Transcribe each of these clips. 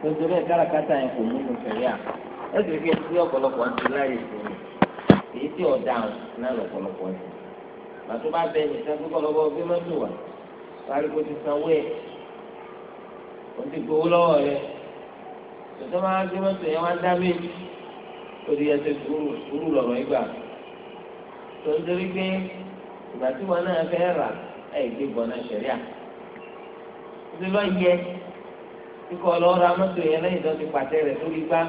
tuntun bẹ́ẹ̀ káràkátà yẹn kò nínú sẹ̀ríà ẹ sì fi ẹtí ọ̀pọ̀lọpọ̀ ń ti láyé ìsinmi èyí tí ọ̀dà náà lọ̀pọ̀lọpọ̀ ń ti pàtó bá bẹ nìkan tó kọ̀lọ́bọ̀ bí mọ́tò wà pariwo ti sanwó ẹ̀ o ti gbowó lọ́wọ́ rẹ tòtò máa gbé mọ́tò yẹn wá dá méjì torí ẹsẹ̀ sùúrù lọ̀rọ̀ ìgbà tó ń torí pé ìgbà tí wọn náà fẹ́ rà ẹ̀ gbé bọ̀ náà sẹ̀ríà ó kíkọ́ ọlọ́ra mọ́tò yẹn lẹ́yìn tó ti pàtẹ rẹ̀ lórí gbá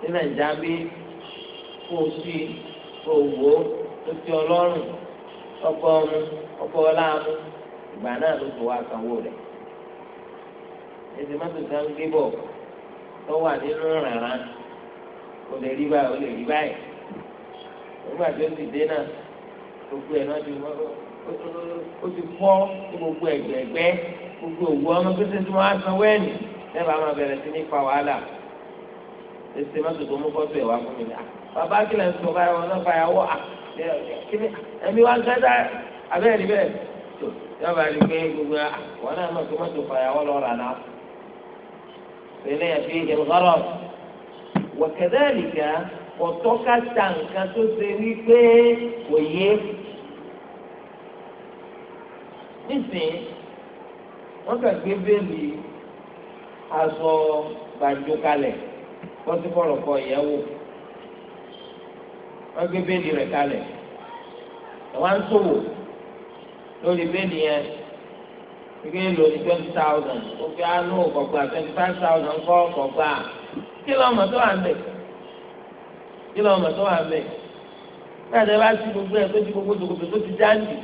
ní nàìjíríà bí kó o sí kó o wò ó tó ti ọlọ́run ọkọ ọmú ọkọ ọláàmú ìgbà náà ló tó wá sanwó rẹ̀ èsì mọ́tò kan gbé bọ̀ tó wà nínú ràrá o lè rí báyìí o lè rí báyìí nígbà tí ó ti dé náà gbogbo ẹ̀ náà ti mọ́ ó ti fọ́ gbogbo ẹ̀gbẹ̀gbẹ́ gbogbo òwú ọmọ pé tuntun máa san wẹ́ẹ̀nì lẹ́bàá máa bẹ̀rẹ̀ sí ní fa wàhálà ẹsẹ̀ mọ́tò tó mú kọ́tù ẹ̀ fún mi ní. bàbá kìlẹ̀ ń sọ báyọ̀ náà fàyà wọ́ ẹ̀mí wá ń ká dá abẹ́rẹ́ níbẹ̀ yọba rí pé gbogbo wọn náà mọ̀ tó mọ́tò fàyà wọ́ lọ́ọ́ rà náà. sẹ́lẹ̀ fi ìgbọ́rọ̀ wọ̀kẹ́dẹ́ẹ̀lìkà ọ̀tọ́ka ta nǹkan tó ṣe wípé òye nísìnyí wọ́n kàn gbé bẹ́ẹ̀lì aṣọ gbàdúró kalẹ̀ pọ́sífọ̀rọ̀ kọ ìyẹ́wò wọ́n gbé bẹ́ẹ̀lì rẹ̀ kalẹ̀ ẹ̀wọ́n ń ṣòwò lórí bẹ́ẹ̀lì yẹn gbé lò ní twenty thousand ó fi àánú kọ̀gbà twenty five thousand kọ́ kọ̀gbà kí lọ́mọ tó wà ń bẹ̀ kí lọ́mọ tó wà ń bẹ̀ bí àti ẹ bá ti gbogbo ẹ̀ tó ti gbogbo ṣòkòtò tó ti jáde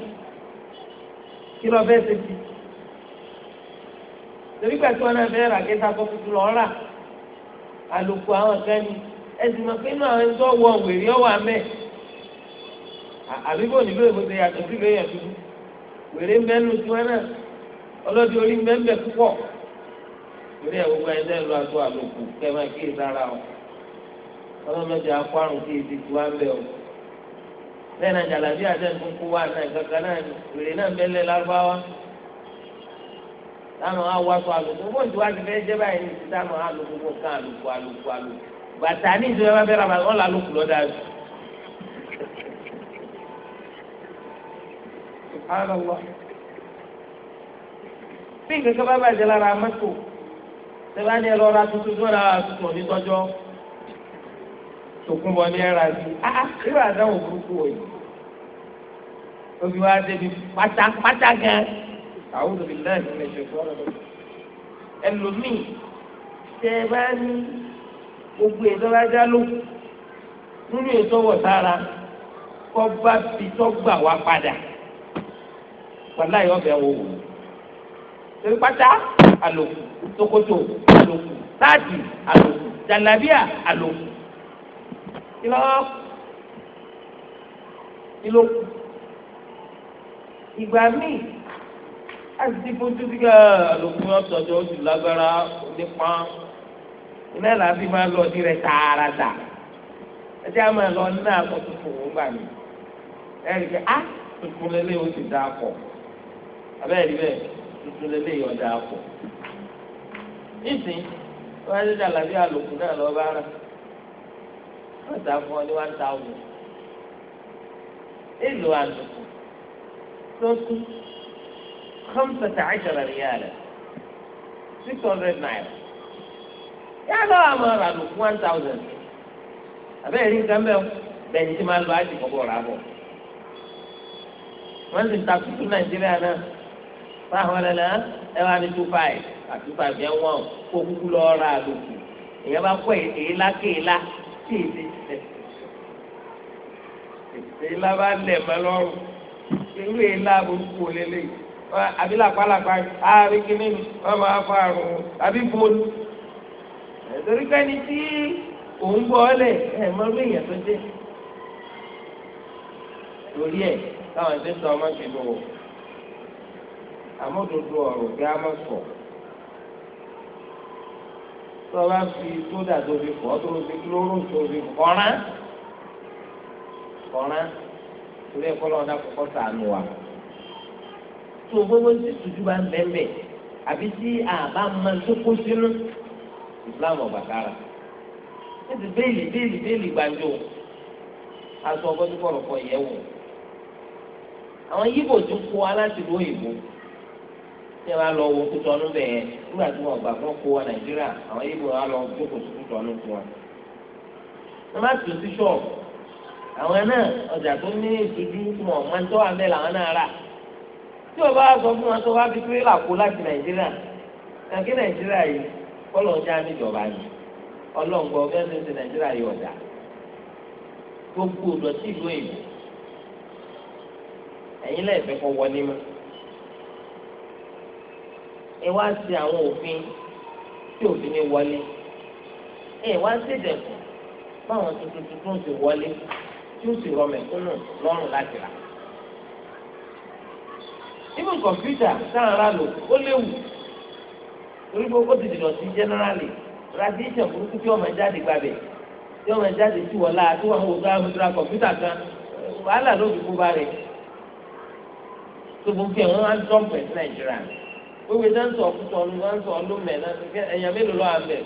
kí lọ́ fẹ́ ṣe ti torí pẹ̀lú wọn náà fẹ́ẹ́ rà kí sábà tuntun lọ rà àlòkù àwọn kan ni ẹ̀sìn mọ̀ pé inú àwọn ẹ̀ńtọ́ wọ wèrè ọ̀wà mẹ́ àbíbò nílò ìbòsè yàtọ̀ sí ìlú èèyàn dúdú wèrè mẹ́nu tí wọn náà ọlọ́dún orí mẹ́mbẹ́ púpọ̀ torí ẹ̀ gbogbo ẹ̀ńtọ́ ìlú àtọ́ àlòkù kẹ́ máa kí ìsára o ọlọ́mọdé akọ àrùn kí èsì tí wọn bẹ̀ o lẹ́yìn náà kankan táwọn á wá sọ àlùkò bó ń tí wá ti fẹ́ jẹ́ báyìí ní ti táwọn á lò gbogbo nǹkan àlùkò àlùkò àlùkò bàtà ní ìjọba bá fẹ́ ra bàtà wọn là lókù lọ́dà jù. bí nǹkan kan bá bàjẹ́ lára mọ́tò tẹ́lá ní ẹ̀rọ ra tuntun tó ra tuntun onítọ́jọ́ tòkun bọ̀ ní ẹ̀rà sí i ah, ah, irú àdáwò burúkú wọ̀nyí. obìnrin wa débi pátápátá gan-an àwọn olùbílẹ̀ ìpínlẹ̀ ìṣèkọ́ ọ̀rọ̀ ẹlòmíì tẹ ẹ bá ní gbogbo ètò bá já ló nínú ètò wọ̀ sára kọ́ bá fi tọ́gbà wá padà wàlá yọ ọbẹ̀ wò wò torí pátá àlòkù tókótó àlòkù táàdì àlòkù jàlábíà àlòkù ìlọ ìlòkù ìgbà míì. Asi fojú sí ká lókun ọ̀tọ̀jọ́ oṣù lágbára òde pọ́n iná láti máa lọ sí rẹ̀ tààràtà ẹjẹ́ a máa lọ nínú àpò tuntun òun gbà mí ẹ̀rí pé á ah, tuntun lélẹ́yìn ó ti dà pọ̀ abẹ́rẹ́ bẹ́ẹ̀ tuntun lélẹ́yìn ó dà pọ̀ nísìnyí wọ́n ti dà lábí àlòkù náà lọ́ọ́ bá wọ́n ta fún ní one thousand èlò àlòkù tó kú. خمسة عشر ريالا 600 نايرا yà lọ àmọ rà lù fún one thousand àbẹ́rẹ́ ní nǹkan bẹ́ẹ̀ bẹ́ẹ̀ ní tí máa lọ àti kọ̀kọ́ rà bọ̀ wọ́n sì ń ta tuntun nàìjíríà náà fáwọn ọ̀lẹ́lẹ́ ẹ wá ní two five àti two five yẹn wọ́n kó kúkú lọ rà lù fún èyàn bá kọ́ èélá kéèlá tí èdè tẹ̀ èélá bá lẹ̀ mọ́ lọ́rùn irú èélá burúkú lélẹ́yìí àbí làpálàpá àbí kíní wọn máa fa àrùn àbí fún torí kẹ́ni tí òun bọ̀ ọ́ lẹ̀ ẹ̀ mọ́ ló yẹn tó dé torí ẹ̀ táwọn ẹ̀sìn sọ ọmọ ṣe lówó àmọ́dodo ọ̀rọ̀ bí a máa sọ tí wọ́n bá fi sódà tó fi fọ́ tó fi kílóró tó fi kọ́rán kọ́rán torí ẹ̀kọ́ lọ́wọ́ dá sànù wa tó gbogbo tí tùjú bá ń bẹ́ẹ̀ àbí tí àbá máa tó kó sínú Islam ọ̀gbà kára ẹ ti béèlì béèlì béèlì gbàjọ aṣọ ọgọ́dún kọ̀ọ̀kọ̀ yẹ̀ wò àwọn yíbò tún kó aláti ló òyìnbó tí a bá lọ wo kó tọ́nu bẹ́ẹ̀ nígbà tí wọ́n gbà fún kó wa Nàìjíríà àwọn yíbò wa lọ jókòó sí kó tọ́nu fún wa. wọ́n bá tún sí ṣọ́ọ̀bù àwọn náà ọjà tó ní ìtújú tí máa ń tọ́ abẹ́ làwọn náà rà tí o bá sọ fún wa tó wá fi tirẹ́là kó láti nàìjíríà kàkí nàìjíríà yìí kọ́lọ̀ ń já níjọba yìí ọlọ́ngbọ bẹ́ẹ̀ ti nàìjíríà yìí ọ̀dà gbogbo ìdọ̀tí ìlú èyí ẹ̀yin lẹ́ẹ̀fẹ́ kọ́ wọlé mọ́ ẹ wá sí àwọn òfin tí òfin ní wọlé ẹ wá sí ìdẹ̀kùn báwọn tuntun tuntun ti wọlé tí ó sì rọmẹ̀kúnnù lọ́rùn láti rà nínú kọ̀mpútà sáàrà lò ó léwu torí pé ó ti dìnnà sí jẹ́nẹ́rálì radiation burúkú tí ọmọ jáde gbàgbẹ́ tí ọmọ jáde tí wọ́n la tí wọ́n wò gbá ọmọdúnrà kọ̀mpútà kan wàhálà ló fi kú bá rẹ̀ tó gbogbo ẹ̀ wọ́n á dọ́m pẹ̀ sí nàìjíríà wíwí náà ń sọ ọkùtọ̀ ọ̀nù náà ń sọ ọ̀nù mẹ́ náà ẹ̀yàn mélòó lọ́wọ́ àbẹ̀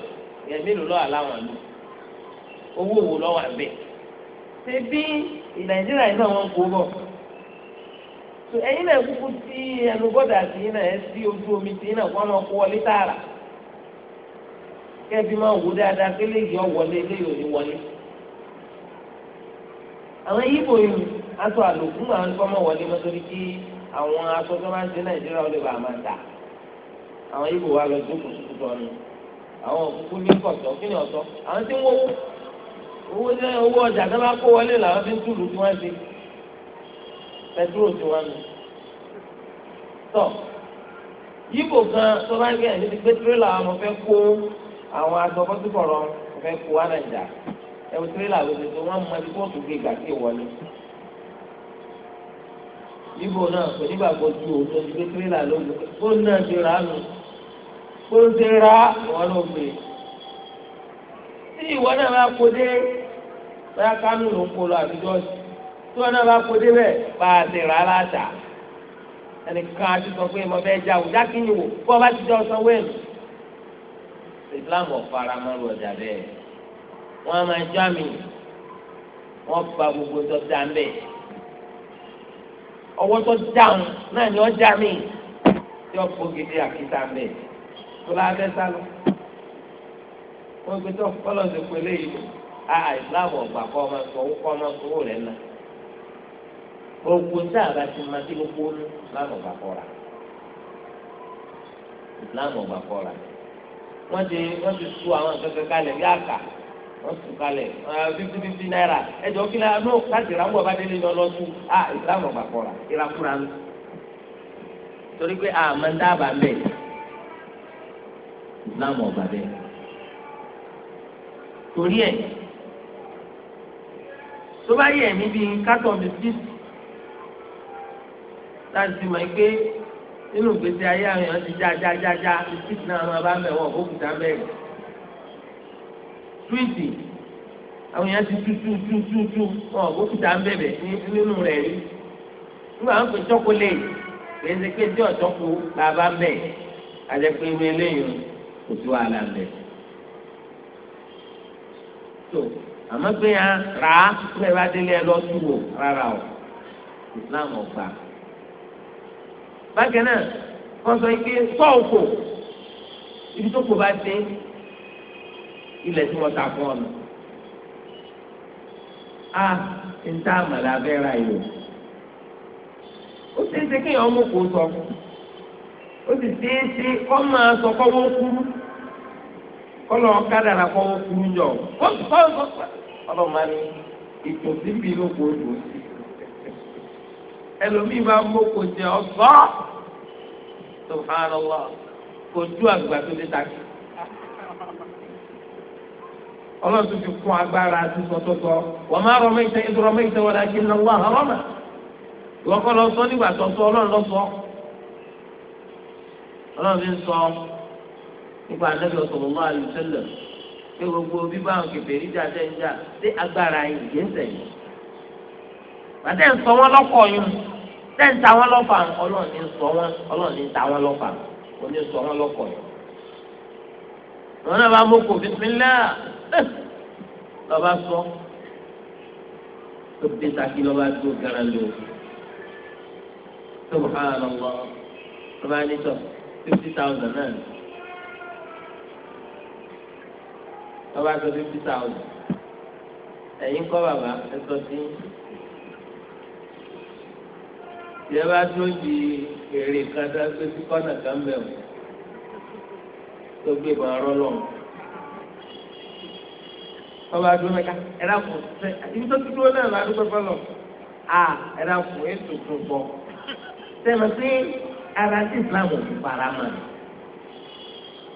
ẹ̀yàn mélòó lọ́wọ́ àláwọn lò owó òwò lọ́wọ́ àbẹ̀ ṣe bí nàìjíríà náà wọ́n kó bọ̀ tó ẹ̀yin náà kúkú tí ẹnu bọ́dà sí yín náà ẹ sí ojú omi sí yín náà kó àwọn ọkọ wọlé tààrà kẹ́ẹ̀bí máa wò dáadáa pé léyìí ọ wọlé léyìí ò ní wọlé àwọn yíbo yìí aṣọ àlòkù máa ń kọ́mọ wọlé mọ́tòrí kí àwọn aṣọ tó máa ń ṣe nàìjíríà ó lè bàa máa tà àwọn yíbo wa lọ jókòó sókòtò tọ́nu àwọn òkúkú ní kọ̀tọ́ kí ni ọ̀tọ́ àwọn tí ń wọ́wọ́ owó ọjà tó bá kó wọlé làwọn fi ń túlù tí wọ́n ṣe pẹtrol tí wọn lò tọ yíbo gan tó bá gbé ẹni tí pẹtrol àwọn ọmọ fẹ́ kó àwọn aṣọ kọsíkọrọ wọn fẹ́ kó wà nàìjà ẹwù tirẹlà ló ti tó wọn mọ ẹni kóòtù gbé ìgbà tí ìwọlé yíbo náà kò nígbàgbọ́ ju òun tó ti gbé tirẹlà lóògùn kó náà ti rà á nù kó ń ti rà á wọn ló gbé tí ìwọ náà bá kó dé bóyá kánú ló ń kó lọ àbíjọ́sì tí wọn náà bá kó débẹ̀ bá a ti rà á láta ẹnìkan àti sọ pé mo fẹ́ já o jákìnyìn wò bó o bá ti jọ sanwó ẹ̀ Islam ọ̀fara mọ́rù ọ̀dà bẹ́ẹ̀ wọ́n á máa já mi wọ́n pa gbogbo tó dá ń bẹ̀ ọwọ́ tó dáhùn náà ni wọ́n já mi tí wọ́n kó gidi àkíta ń bẹ̀ tó bá fẹ́ sálọ wọ́n gbé tó kọ́lọ̀ ṣe pẹ̀lẹ́ yìí a Islam ọ̀gbà kọ́ ọmọ sọ owó kọ́ ọmọ sọ owó rẹ̀ náà ogun tá a bá ti máa kí gbogbo ní islam ọgbà kọra islam ọgbà kọra wọ́n ti wọ́n ti tú àwọn akẹ́kọ̀ọ́ kalẹ̀ bí àkà wọ́n tú kalẹ̀ fifty fifty naira ẹjọ́ kí la ní káàtì ìrànwọ́ bá délé lọ lọ́sùn ah islam ọgbà kọra ìrakúra lọ torí pé àmọ́ ń dábàá mbẹ́ islam ọgbà bẹ́ẹ̀ torí ẹ̀ tó bá yẹ ẹ̀mí bíi kátó bíi bíi táǹtì mọ̀ pé nínú gbèsè ayé àwọn èèyàn ti já já já já títí náà máa bá mẹ́wọ̀ òkúta mẹ́rin. túwìtì àwọn èèyàn ti tú tú tú tú tú wọn òkúta mẹ́bẹ̀ nínú rẹ̀ rí. nígbà wọn pe chocolate gbèsè pé tí ọ̀tọ́ kú làbá mẹ́ àjẹpẹ́ ìwé eléyìí kò sí wàhálà mẹ́. tó àmọ́ pé ya rà á pé bá délé ẹ lọ́ọ́ tú wò rárá o Islam ọ̀gbà bákan náà wọ́n sọ pé sọ́ọ̀kù ibi tó kù bá dé ilẹ̀ tí wọ́n ta fún ọ̀nà. a ń tá àmàlà abẹ́ra yìí o ó ṣeé ṣe kéèyàn ọmọ kò sọ ó sì ṣeé ṣe kọ́ máa sọ kọ́ wọ́n kúrú kọ́ lọ́ọ́ kádàrà kọ́ wọ́n kúrú yọ kọ́ kọ́ kọ́ ọlọ́mọ ni ìtòsí bíi ló kó o tó sí ẹlòmíì máa ń mọ́kò jẹ ọgbọ́n subhanallah kò ju àgbà tó lé tàbí. ọlọ́run tó fi kún agbára tó sọ́tọ́tọ́ wọ́n máa rọ mẹ́ta ẹ̀dùn rọ mẹ́ta wọ́n dájú ní wọ́n àhọ́rọ́ mà ìwọ́n kọ́ lọ sọ nígbà tó sọ ọlọ́run lọ sọ ọlọ́run fi ń sọ nípa anábìyọ sọ̀rọ̀ mọ́ àlùsẹ́lẹ̀ pé gbogbo bíbá àwọn kẹfẹ́ rí jáde ń jà sí agbára yìí yé ń sẹ̀yìn bàtẹ́ ń sọ wọn lọ́kọ̀ yín tẹ́ ń ta wọn lọ́fà ọlọ́run ní sọ wọn ọlọ́run ní ta wọn lọ́fà òun ní sọ wọn lọ́kọ̀ yín. wọn náà bá mọ́kò bisimilá lọ́ba sọ tó dé saki lọ́ba tó gara lò tó bá a lọ́wọ́ lọ́ba ní sọ fifty thousand náà lọ́ba sọ fifty thousand ẹ̀yin kọ́ bàbá ẹ sọ sí yẹ bá tó di èrè kan dá pé tí kọ́nà kan bẹ̀ wò tó gbé bọ̀ ọ̀rọ̀ lọ. Bàbá dúró mẹ́ta ẹ̀rá kù sẹ́ ibi tó ti dúró náà ládùúgbò fọlọ̀ à ẹ̀rá kù é tuntun bọ̀. Sẹ́mi sí ara sí Ìsìlámù ò fara mọ́.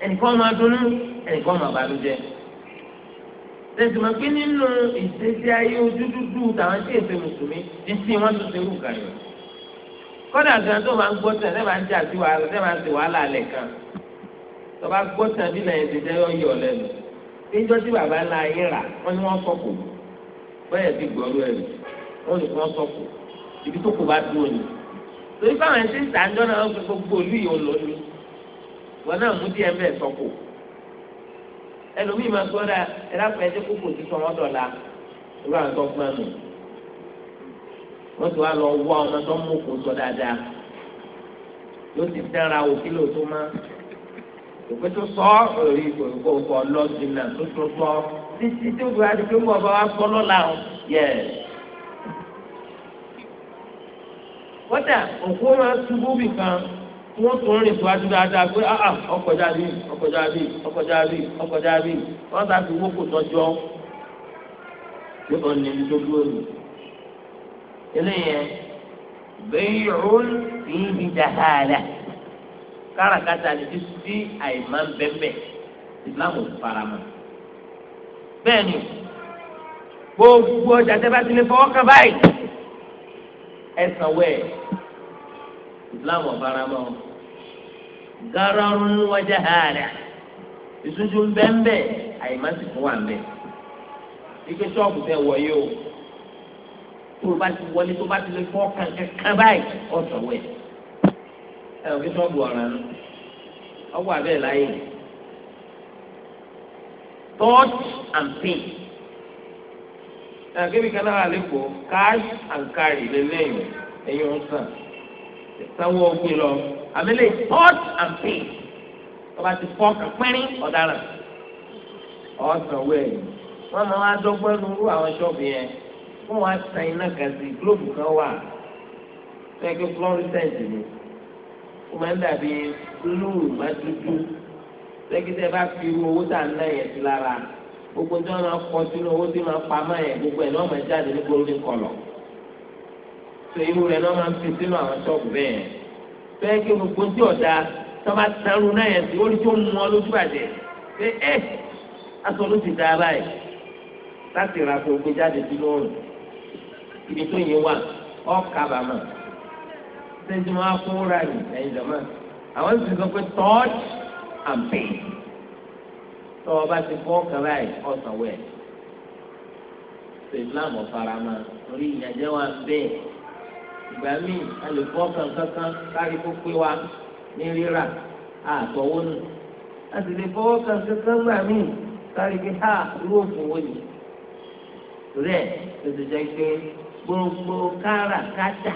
Ẹnìkan máa dunnú ẹnìkan máa bàlújẹ́. Sẹ́sì máa gbé nínú ìṣesí ayé ojú dúdú tàwọn tí èsè Mùsùlùmí ní tí wọ́n tún ṣe wù kàyọ̀ kọ́dà gan tó máa ń gbọ́ tẹ̀ ẹ́ máa ń jà sí wàhálà ẹ́ máa ń sì wàhálà alẹ̀ kan tó bá gbọ́ tẹ̀ bí lẹ́yìn ti jẹ́ yọ̀yọ̀ lẹ́nu níjọ́ tí bàbá ńlá yín rà wọ́n ní wọ́n sọ̀kù bẹ́ẹ̀ ti gbọ́rú ẹ̀ wọ́n ní wọ́n sọ̀kù ibi tó kù bá dúró ni torí báwọn ẹni tí ń sàájọ́ náà wọ́n fi gbogbo olú yìí lọ ni wọn náà mú díẹ̀ bẹ́ẹ̀ sọ̀kù ẹlòmíì máa sọ wọ́n ti wá lọ wá ọmọ tó ń mú kó sọ dáadáa ló ti dára òkìlò tó má òpè tó sọ orí ìkòkò ọlọ́sìn náà tó tó sọ títí tó fi wá di pé mo bá lọ́la o yẹ. kódà òkú máa túbú bì kan wọ́n tún rìn síwájú dáadáa pé ah, ah, ọkọ̀ jáde ọkọ̀ jáde ọkọ̀ jáde ọkọ̀ jáde wọ́n ta fi wókò tọ́jọ́ yóò ní ibi tó dúró nìyí eléyẹn bẹ́yìrún fi ń jahala káràkátà ni ti sí àìmá bẹ́ẹ̀bẹ́ ìsìlámù faramọ́ bẹ́ẹ̀ ni gbogbo ọjà tẹ́ bá ti lè fọwọ́ kan báyìí ẹ̀sán wẹ̀ ìsìlámù faramọ́ gararun wa jahala ìtújú bẹ́ẹ̀bẹ́ àìmá sì fún wa bẹ́ẹ̀ ike ṣọ́ọ̀bù tẹ wọ̀ yìí o tó o bá ti wọlé tó o bá ti lè fọ́ kankan kan báyìí ọ̀sán wẹ̀. ẹ ò fi sọ́ọ̀bù ọ̀ràn nù ọwọ́ abẹ́ láyé touch and pay. ẹ kébì kan náà lẹ́kọ̀ọ́ cash and carry lélẹ́yìn ẹ̀yìn ọ̀sán sanwó ogun lọ àmẹ́lẹ̀ touch and pay ọba ti fọ́ pínrín ọ̀daràn ọ̀sán wẹ̀ wọ́n máa wá dọ́gbọ́n lu àwọn ṣọ́ọ̀bù yẹn. fún wa san iná gàdí gílóòbù kan wà fẹ́ẹ́kì fluorescent ni ó máa ń dàbí blue má dúdú fẹ́ẹ́kì tẹ́ bá fi owó tà ń sí lára gbogbo tí wọ́n máa gbogbo ẹ̀ náà máa jáde ní golden colour tó irú rẹ̀ náà máa ń fi sínú àwọn ṣọ́ọ̀bù bẹ́ẹ̀ fẹ́ẹ́kì gbogbo tí ọ̀dà tó bá náà yẹn sí mú ọ lójú pé ẹ́ eh, báyìí láti ibi tó yẹ wà ọkà bàmà sẹ́ńtì wọn akóra ní ẹ̀yìn jọ̀mọ́ àwọn sì sọ pé touch and pay tọ́ ọba ti fọ́ kẹrẹ́ ẹ̀ ọ̀sánwó ẹ̀ ṣe islam ọ̀farama torí ìyàjẹ́ wa bẹ́ẹ̀ ìgbà míì a lè fọ́ kankankan kárí kó pé wa ní rírà àtọwọ́ nù a sì lè fọwọ́ kankankan gbà míì kárí kí ha irú òfin wo ni torí ló ti jẹ́ pé gbogbo káràkátà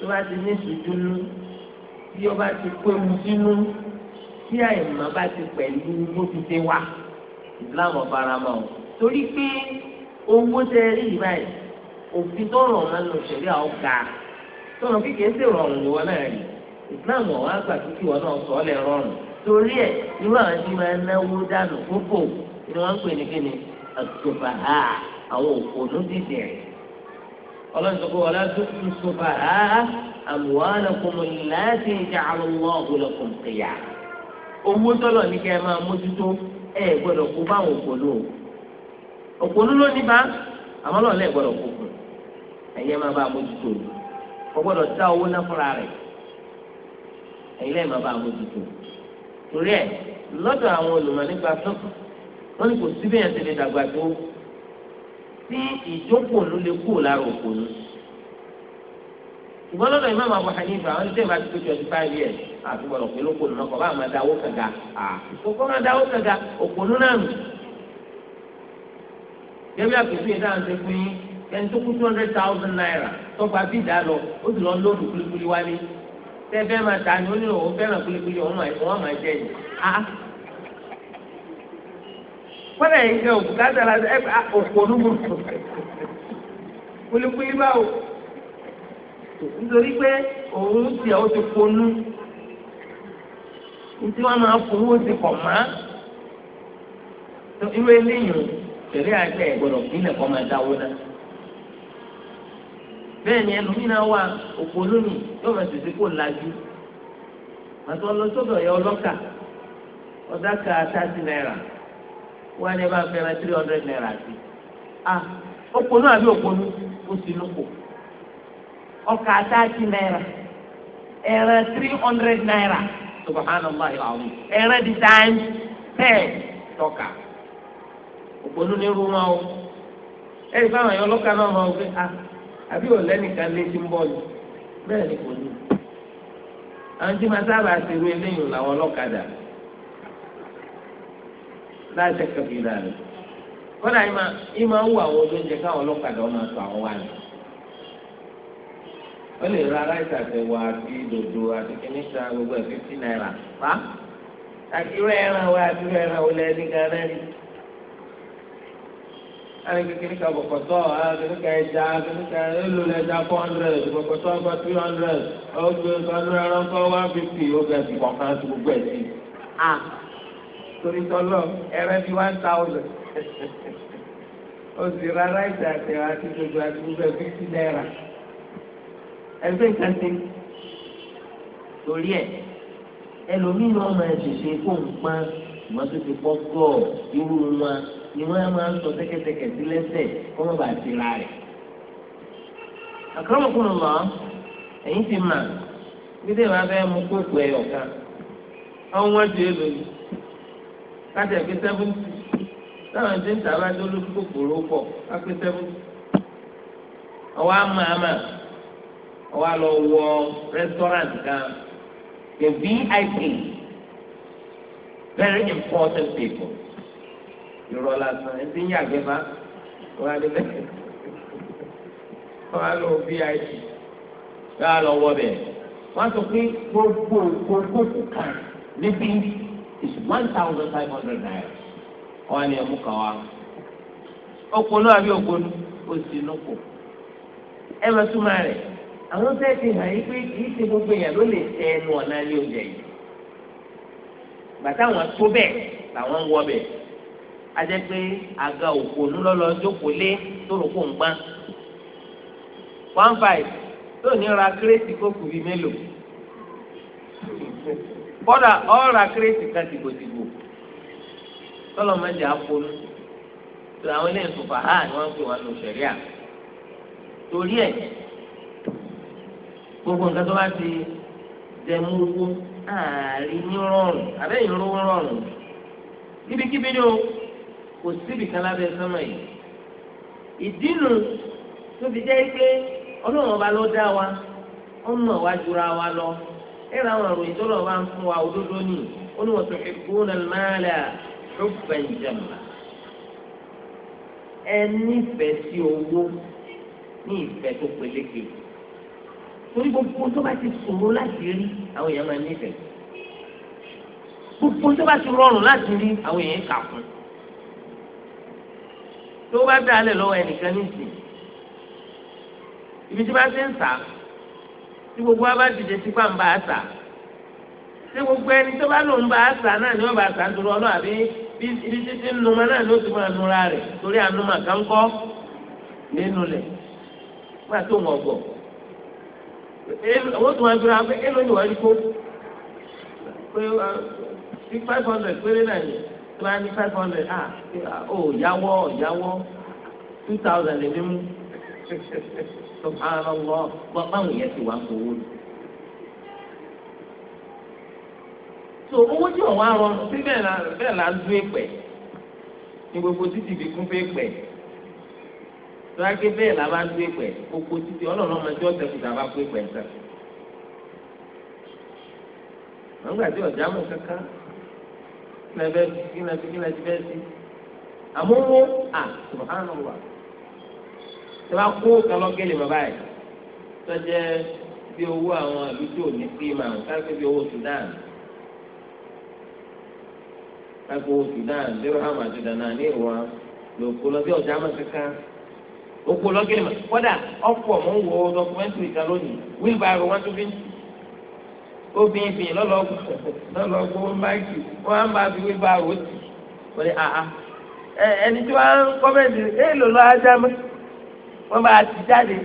tó bá ti ní ìṣòjúnú tí ó bá ti pé mu sínú tí àìmọ̀ bá ti pẹ̀lú bó ti ṣe wá Islam ọ̀faramọ̀ o torí pé owó tẹ rí ìbáyìí òfin tó rọ̀ wọn lọ ṣẹ̀rí àwọn ga tó rọ̀ kékeré sì rọrùn ìwọ náà rí Islam ọ̀wá gbà kíkì ìwọ náà sọ ọ́ lẹ̀ rọrùn torí ẹ̀ irú àwọn tí máa náwó dànù kókò ni wọ́n ń pè ní kíni àtòfàhà àwọn òkòónú dìde rẹ̀ ọlọ́run sọ pé wọlé dúkùú sọfà á àmúhánàkùn láti ìjà àlọ́ ọ̀gbọ̀lọ̀kùn kìyà. owó tọ́lọ̀ ní kẹ́ ẹ máa mójútó ẹ gbọ́dọ̀ kó báwọn òpòló òpòló ló ní bá àmọ́ lọ́ọ̀ lẹ́ gbọ́dọ̀ kó fún ẹ̀yẹ máa bá mójútó o gbọ́dọ̀ dá owó náà fúnra rẹ̀ ẹ̀yìn lẹ́yìn máa bá mójútó torí ẹ̀ lọ́dọ̀ àwọn olùmọ̀ nípa tó wọ́n ní kò síbẹ̀ yẹn ti tí ìjókòó ló lè kú lára òkú ni. ṣùgbọ́n lọ́dọ̀ Imam Abu Hanifa àwọn ìṣe ìbá ti tó twenty five years àti gbọ́dọ̀ pé lóko nínú ọkọ̀ bá máa dáwó kàga àkókò máa dáwó kàga òkú nínú àmì. gẹ́gẹ́ bí àpèjú yẹn dáhùn ṣe fún yín tó wọ́n náà yẹ òbúkátà láti ẹ òpó nínú kulikuli báwo nítorí pé òun ti ọ̀ ti ponú ntí wọn máa fowó ti pọ̀ mọ́ irú eléyìí tẹ̀lé àgbẹ̀ gbọ́dọ̀ nílẹ̀ kọ́ máa dáwó náà bẹ́ẹ̀ ni ẹlòmínà wà òpó lónìí yóò tètè kó lọ ọlọka ọdaka náírà. wọ́n ẹni bá fẹ́ràn three hundred naira sí ah òpònú àbí òpònú ó sì lóko ọkà àtàkì náírà ẹ̀rẹ̀ three hundred naira subhanallah ilaahu ẹ̀rẹ̀ di times ten tọ́ka òpònú ní irú wọn o ẹ̀rí fáwọn ẹ̀yọ́ lọ́ka náà máa wọ́n ah àbí ò lẹ́nìkan lé sí ń bọ̀ ni bẹ́ẹ̀ ni kò ní àwọn tí ma sábà ṣerú eléyìí làwọn ọlọ́kadà. láṣẹ kẹfì náà rẹ kọ́dà yìí máa yìí máa ń wọ àwọn olóúnjẹ káwọn ọmọ àtọ àwọn wà ní. ó lè ra aláìsí àtẹwà àti dòdò àti kìnnìkan gbogbo ẹ̀ fífí náírà pa àtirọ ẹran wa àtirọ ẹran wo lẹ́ni gánà ni. àwọn kékeré kan bọ̀kọ̀tọ̀ àwọn ẹja four hundred bọ̀kọ̀tọ̀ ọgbà three hundred ọgbà one fifty ó kọ̀ọ̀kan gbogbo torí tọ́lọ́ ẹran bíi one thousand ó sì ra ráìsì àtẹ̀wá àti gbogbo àti gbogbo ẹ̀ fifty naira ẹgbẹ́ ìkànnì torí ẹ̀ ẹlòmíì náà máa ṣèṣe kó ń pọn ìwọ́n tó ti pọ́ gọ́ irú wọn ni wọ́n máa ń sọ tẹ́kẹ́tẹ́kẹ́ sí lẹ́sẹ̀ kó má bàa ti ra rẹ̀. àkàràmọ̀kùnrin lọ ẹ̀yìn ti mà gbídé wa fẹ́ mú kókò ẹ̀yọ̀ kan ọ̀hún wọ́n ti èlò yìí kájà ẹgbẹ sẹfúntì táwọn ẹgbẹ ń tàbá tó lójú kòkòrò pọ kápẹ sẹfúntì ọwọ àmà àmà ọwọ àlọ wọ rẹsítọrant kan the vip very important people ìrọ̀ lásán ẹtí ń yàgbẹ́ bá wọ́n á lé lẹ́yìn wọ́n á lọ vip wọ́n á lọ wọ bẹ́ẹ̀ wọ́n á sọ gbogbo gbogbo kan níbí is one thousand five hundred naira wọn ni ẹmu kàn wá okunu àbí okunu ó sì nùkù ẹ bá túmọ̀ rẹ̀ àwọn tẹ́ ti hàn yí pé kì í ṣe gbogbo èèyàn ló lè tẹ ẹnu ọ̀nà ilé oúnjẹ yìí bàtà wọn tó bẹ́ẹ̀ làwọn ń wọ bẹ́ẹ̀ ajẹ́ pé àga òkunu lọ́lọ́ jókòó lé tó rò kó ń gbá one five tó ní ra kírésì kókù bíi mélòó. kọ́dà ọ̀rà kírètì kan tìgbòtìgbò tọ́lọ̀ méjì àpolú tó àwọn ilé ìtùfà hà ni wọ́n ń pè wọ́n lò sẹ̀ríà torí ẹ̀ gbogbo nǹkan tó bá ti dẹ̀mú owó ní rọrùn àbẹ́yìn rówó rọrùn níbikíbi ni o kò síbi kan lábẹ́ sọ́mọ̀ yìí ìdínú jẹ́ pé ọlọ́run ọba ló dá wa ọmọ wa jura wa lọ. ẹ̀rọ àwọn àròyìn tó lọ́wọ́ bá ń fún wa òdodo ni ó ní wọ́n tó fi kú náà máàlà ṣùgbọ́n ìjàmbá ẹ nífẹ̀ẹ́ sí owó ní ìfẹ́ tó peléke torí gbogbo tó bá ti ṣòro láti rí àwọn èèyàn máa nífẹ̀ẹ́ gbogbo tó bá ti rọrùn láti rí àwọn èèyàn kà fún tó bá dá alẹ́ lọ́wọ́ ẹnìkan nísìnyí ibi tí bá ti ń sàá tí gbogbo wa bá dìde sí pàǹbà àṣà ṣé gbogbo ẹni tó bá lòun bá àṣà náà ni wọ́n bá àṣà ń dúró ọlọ́ àbí bí ibi títí ń numa náà ló ti máa nura rẹ̀ torí ànuma kan kọ́ nínú lẹ̀ wọ́n àti òun ọ̀gbọ̀ owó tó máa dúró àwọn èlò ni wọ́n rí kó pé bí five hundred péré náà yẹ tó bá ní five hundred ah ó yáwọ́ yáwọ́ two thousand lè mí mú subhanallah wọn báwọn yẹn ti wá gbowó lò. so owó tí wọn wá rọrùn sí bẹ́ẹ̀ la bẹ́ẹ̀ la ń dún èpẹ̀ ní gbogbo títì fi kún fún èpẹ̀ tíwájú bẹ́ẹ̀ la bá ń dún èpẹ̀ gbogbo títì ọlọ́run ọmọ ẹjọ́ tẹ̀kù tá a bá kó èpẹ̀ ń wọ́n gbà tí ọ̀já mọ̀ kankan kí lẹ́ẹ̀ bẹ́ẹ̀ kí lẹ́ẹ̀ ti bẹ́ẹ̀ sí àmúwò à subhanallah. tí wọ́n kó kálọ́gẹ́lì bàbá yìí tọ́jẹ́ bí owó àwọn ìlú ní sí káfí bí owó Sudan káfí owó Sudan lérò hàn àti dànà ní ìwà lò kó lọ bí ọjà má kankan òkú lọ́gẹ́lì mà kọ́dà ọ̀pọ̀ mọ̀ ń wo dọ́kúmẹ́ntì lónìí wọn tún fi ń fi wọ́n bá ti jáde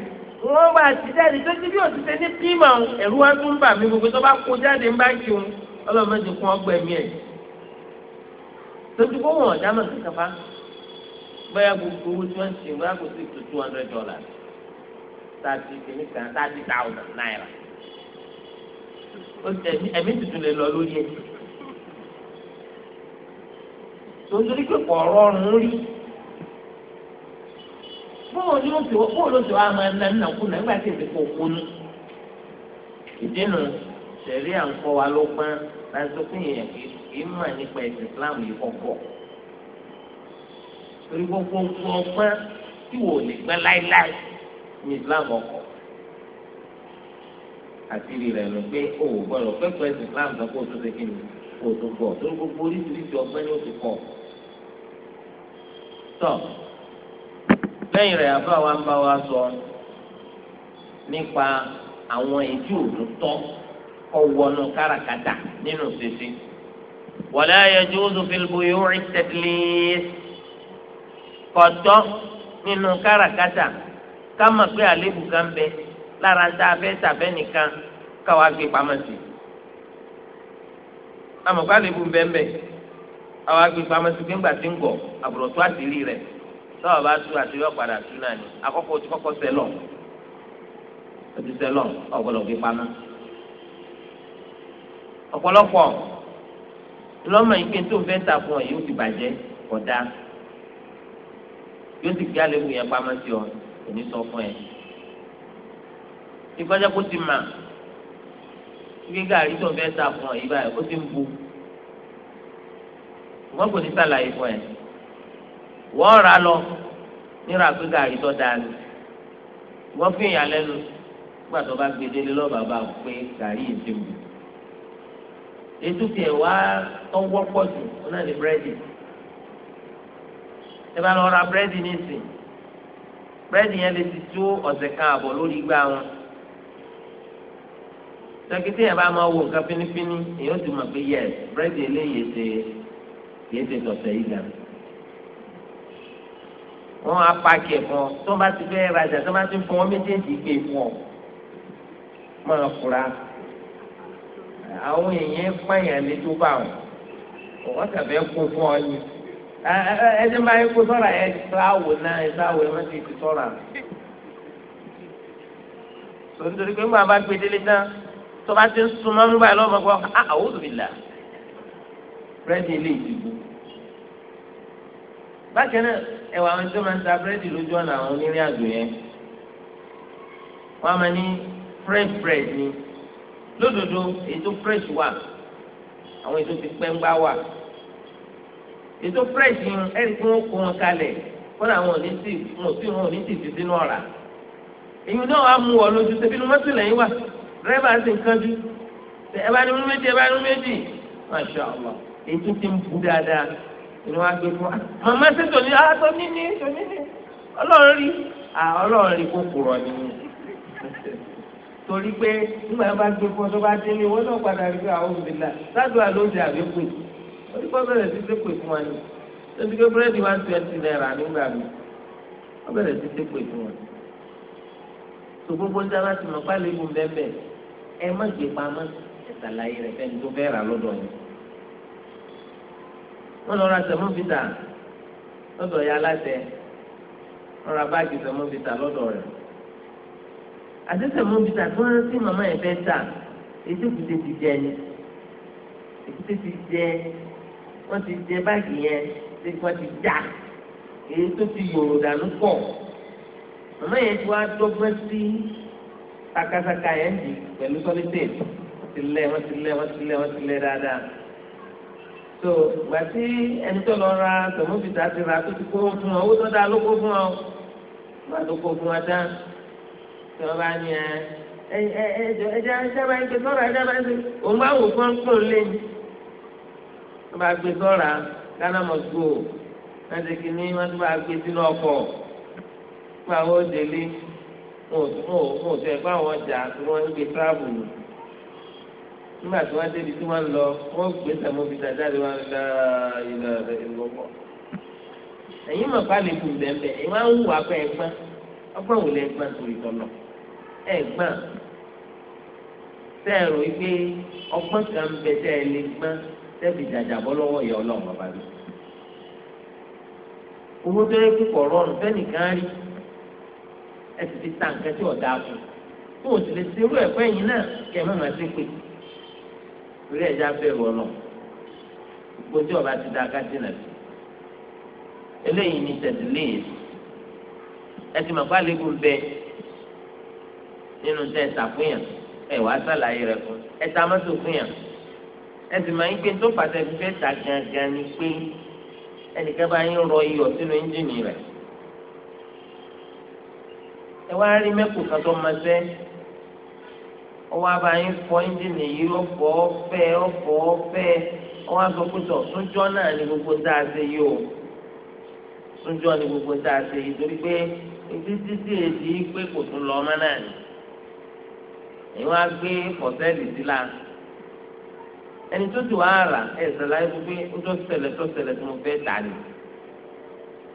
wọ́n bá ti jáde tó ti bí o ti ṣe ní pímà ẹ̀rú wa tún bà mí gbogbo tó bá kó jáde ń bá kí o ọlọ́mọdé kún ọgbẹ̀mí ẹ̀ tóbi kó wọn ọ̀dá mọ̀ kankan bá bẹ́ẹ̀ gbogbo owó tí wọ́n ti ń wá kó sí tó two hundred dollars thirty kìíní kan thirty thousand naira ẹ̀mí tuntun lè lọ lórí ẹ̀ tó ń torí pé kò rọrùn rí bóòlù ó ti wọ bóòlù ó ti wọ àmọ́ ẹnà nínà kú nàgbà tí èdè kò kú nù. ìdínà sẹ̀rí à ń kọ́ wa ló pọ́n láti sọ pé èèyàn kì í mọ̀ nípa ẹ̀sìn Islam yìí kọ̀ọ̀kọ̀. torí gbogbo ọgbọ́n tí wò lè gbẹ́ láéláé ní Islam ọkọ̀. àti rí rẹ̀ lọ pé o ò gbọ́dọ̀ pẹ́pẹ́ ẹ̀sìn Islam sọ pé o tún ṣe kí ni o tún bọ̀ torí gbogbo oríṣiríṣi ọgbẹ́ ni ó ti kọ̀ lẹ́yìn rẹ̀ àbá wa ń bá wa sọ nípa àwọn ìjú òdòtọ́ ọ̀wọ́nù káràkátà nínú ṣíṣe. wala yajuzu fil buyu'i at-tadlis kọ̀tọ́ nínú káràkátà ká mọ̀ pé àlébù kan bẹ lára ń tá a fẹ́ tàfẹ́ nìkan káwa gbé pamọ́ sí. àmọ̀ká àlébù bẹ́ẹ̀ bẹ́ẹ̀ àwa gbé pamọ́ sí pé tí ń gọ̀ àbùrọ̀tọ́ àtìrí rẹ̀ tọ́wọ́ bá tú àti yọ padà tú náà ni akọ́kọ́ tí kọ́kọ́ sẹ lọ ẹtù sẹ lọ ọ̀gbọ́dọ̀ gbé pamọ́. ọ̀pọ̀lọpọ̀ lọ́mọ yìí pé tó ń fẹ́ ta fún ọ yìí ó ti bàjẹ́ ọ̀dà yóò ti gbé àlébù yẹn pamọ́ sí ọ kò ní sọ fún ẹ. ìgbọ́jà kó ti mà kí gàrí tó fẹ́ ta fún ọ yìí báyìí ó ti ń bu wọ́n kò ní sàlàyé fún ẹ wọ́n ra lọ nírà pé gàrí tó dáa ni wọ́n fi ìyàn lẹ́nu nígbà tó bá gbé délé lọ́ọ́ bàbá pé gàrí yìí ti wù. ètò tiẹ̀ wá tó wọ́pọ̀ jù ọ̀nà ní búrẹ́dì ẹ bá lọ ra búrẹ́dì nísìn búrẹ́dì yẹn lè ti tó ọ̀sẹ̀ kan àbọ̀ lórí igbá wọn sọkítì yẹn bá máa wo nǹkan fínífíní èyí ó ti mọ̀ pé yẹ búrẹ́dì eléyìí ṣe kìí ṣe tọ̀sẹ̀ yìí gan wọn á pààkì ẹ̀ fún ọ tó bá ti fẹ́ rajà tó bá ti fún ọ méjèèjì gbé fún ọ máa fura àwọn èèyàn pààyàn lè tó bá wọn ọwọ́ tàbí kó fún ọ yìí ẹni máa ń kó sọ́ra ẹ sáwò náà ẹ sáwò ẹ má ti ti sọ́ra tó nítorí pé ńgbà bá gbé délé tán tó bá ti ń súnmọ́ ń báyìí lọ́mọ gbọ́ àwọn òbílà bírẹ́dì ilé ìdìbò bákan náà ẹwà àwọn tó máa ń ta búrẹ́dì lójú ọ̀nà àwọn onírìn àjò yẹn wọ́n á máa ní fresh bread ni lódodo ètò fresh wà àwọn ètò ti pẹ́ ń gbá wà ètò fresh yẹn ẹ̀rí kí wọ́n kó wọn kalẹ̀ kọ́nà àwọn òní sì wọn sì wọn òní sì fi sínú ọ̀rá èyí náà wàá mú ọ lójú ṣe bí inú mọ́tò lẹ́yìn wà dírẹ́bà sì ń kánjú ẹ bá ní mú méjì ẹ bá ní mú méjì Masha Allah ètò ti ń bu dáadáa inú wa gbé fún wa màmá ṣe tòní á ah, tòní ní tòní ní ọlọ́run rí ọlọ́run rí kókòrò ni torí pé nígbà bá gbé fún ọ tó bá dín ní wọn náà padà rí pé àwọn ah, òbí là sádùá ló di àbíkù orí kọ́ bẹ̀rẹ̀ sí ṣépè fún wa ni lórí pé búrẹ́dì wá ń twenty naira nígbà mi wọ́n bẹ̀rẹ̀ sí ṣépè fún wa tó gbogbo ń dáná sí mọ̀ pálí ìbùn bẹ́ẹ̀ bẹ́ẹ̀ ẹ má gbé pamọ́ ẹ̀sàlàyé rẹ̀ fẹ́ni tó fẹ́ rà lọ́dọ̀ yìí wọ́n lọ ra sẹ̀mọ́fìtà lọ́dọ̀ ya aláṣẹ wọ́n ra báàgì sẹ̀mọ́fìtà lọ́dọ̀ rẹ̀ àti sẹ̀mọ́fìtà tí wọ́n ti màmá yẹn fẹ́ tà ètò èkúté ti jẹ ni èkúté ti jẹ wọ́n ti jẹ báàgì yẹn tí wọ́n ti já èyí tó ti yòrò dànù pọ̀ màmá yẹn ti wá dọ́gbọ́n sí sakasaka yẹn di pẹ̀lú sọ́lítẹ̀ẹ̀tì wọ́n ti lẹ̀ wọ́n ti lẹ̀ wọ́n ti lẹ̀ wọ́n ti lẹ̀ dáadáa tó gbà tí ẹni tó lọ ra tòmófìtà ti ra tó ti kó fún ọ owó tó dáa ló kó fún ọ má tó kó fún ọ dán tí wọn bá ní ẹ ẹ ẹ ẹ ẹjẹ ẹjẹ bá ń gbé sọ́ra ẹjẹ bá ń gbé òun bá wò fún ọkùn lé ní wọn bá gbé sọ́ra Ghana must go wọn ti kí ní wọn bá gbé sínú ọkọ̀ fún àwọn òdèlé wọn ò tẹ fún àwọn ọjà tí gbé tíráàbù nù nígbà tí wọ́n débi tí wọ́n lọ wọ́n gbé tẹ̀mọ́bí dáadáa wọn lọ ilẹ̀ ìlọ́wọ́. ẹ̀yin mọ̀ bá lè kùn bẹ́ẹ̀ ẹ̀ wọ́n á wù apẹ́ ẹ̀gbọ́n ọgbọ́n wò lẹ́ gbọ́n torí tọ̀nà ẹ̀gbọ́n sẹ́ẹ̀rù wípé ọgbọ́n kan ń bẹ tẹ́ ẹ lè gbọ́n tẹ́bi dàjà bọ́ lọ́wọ́ ìyá ọlọ́run ọba mi. owó tó yẹ kíkọ̀ rọrùn fẹ́nìkan rí ẹ sì ti ta nǹkan tí ọ̀dà kù tó o sì lè ṣerú ẹ̀fẹ́ yìí náà kẹ́ ẹ má máa ṣe pè é torí ẹja bẹ̀rù ọ̀nà gbogbo ọba ti da kájínà sí eléyìí ní tẹ̀sílẹ́yìn ẹ ti mọ̀ pálíkù bẹ nínú tẹ́ ẹ sàfihàn ẹ wàá sàlàyé rẹ fún ẹ ta mọ́tò fihàn ẹ sì máa ń gbé tó pàṣẹ fífẹ́ ta gangan ni pé ẹnìkan bá yín rọ iyọ̀ sínú ẹ́ńjìnì rẹ̀ ẹ wá rí mẹ́kù kan tó máa ọwọ́ abayín fọ ẹ́ńjìnì yìí ọ̀fọ̀ ọ̀fẹ́ ọ̀fọ̀ ọ̀fẹ́ ọwọ́ agbẹ́kùtọ̀ súnjọ́ náà ni gbogbo tá a ṣe yìí o súnjọ́ ni gbogbo tá a ṣe yìí torí pé etí títí èdè pé kò tún lọ ọmọ náà ni èyí wá gbé pọ̀sẹ́ẹ̀lì sí la ẹni tó ti wàá rà ẹ̀ sẹ̀lá yẹ fún pé ó tó ṣẹlẹ̀ tó ṣẹlẹ̀ tó mo fẹ́ tà ní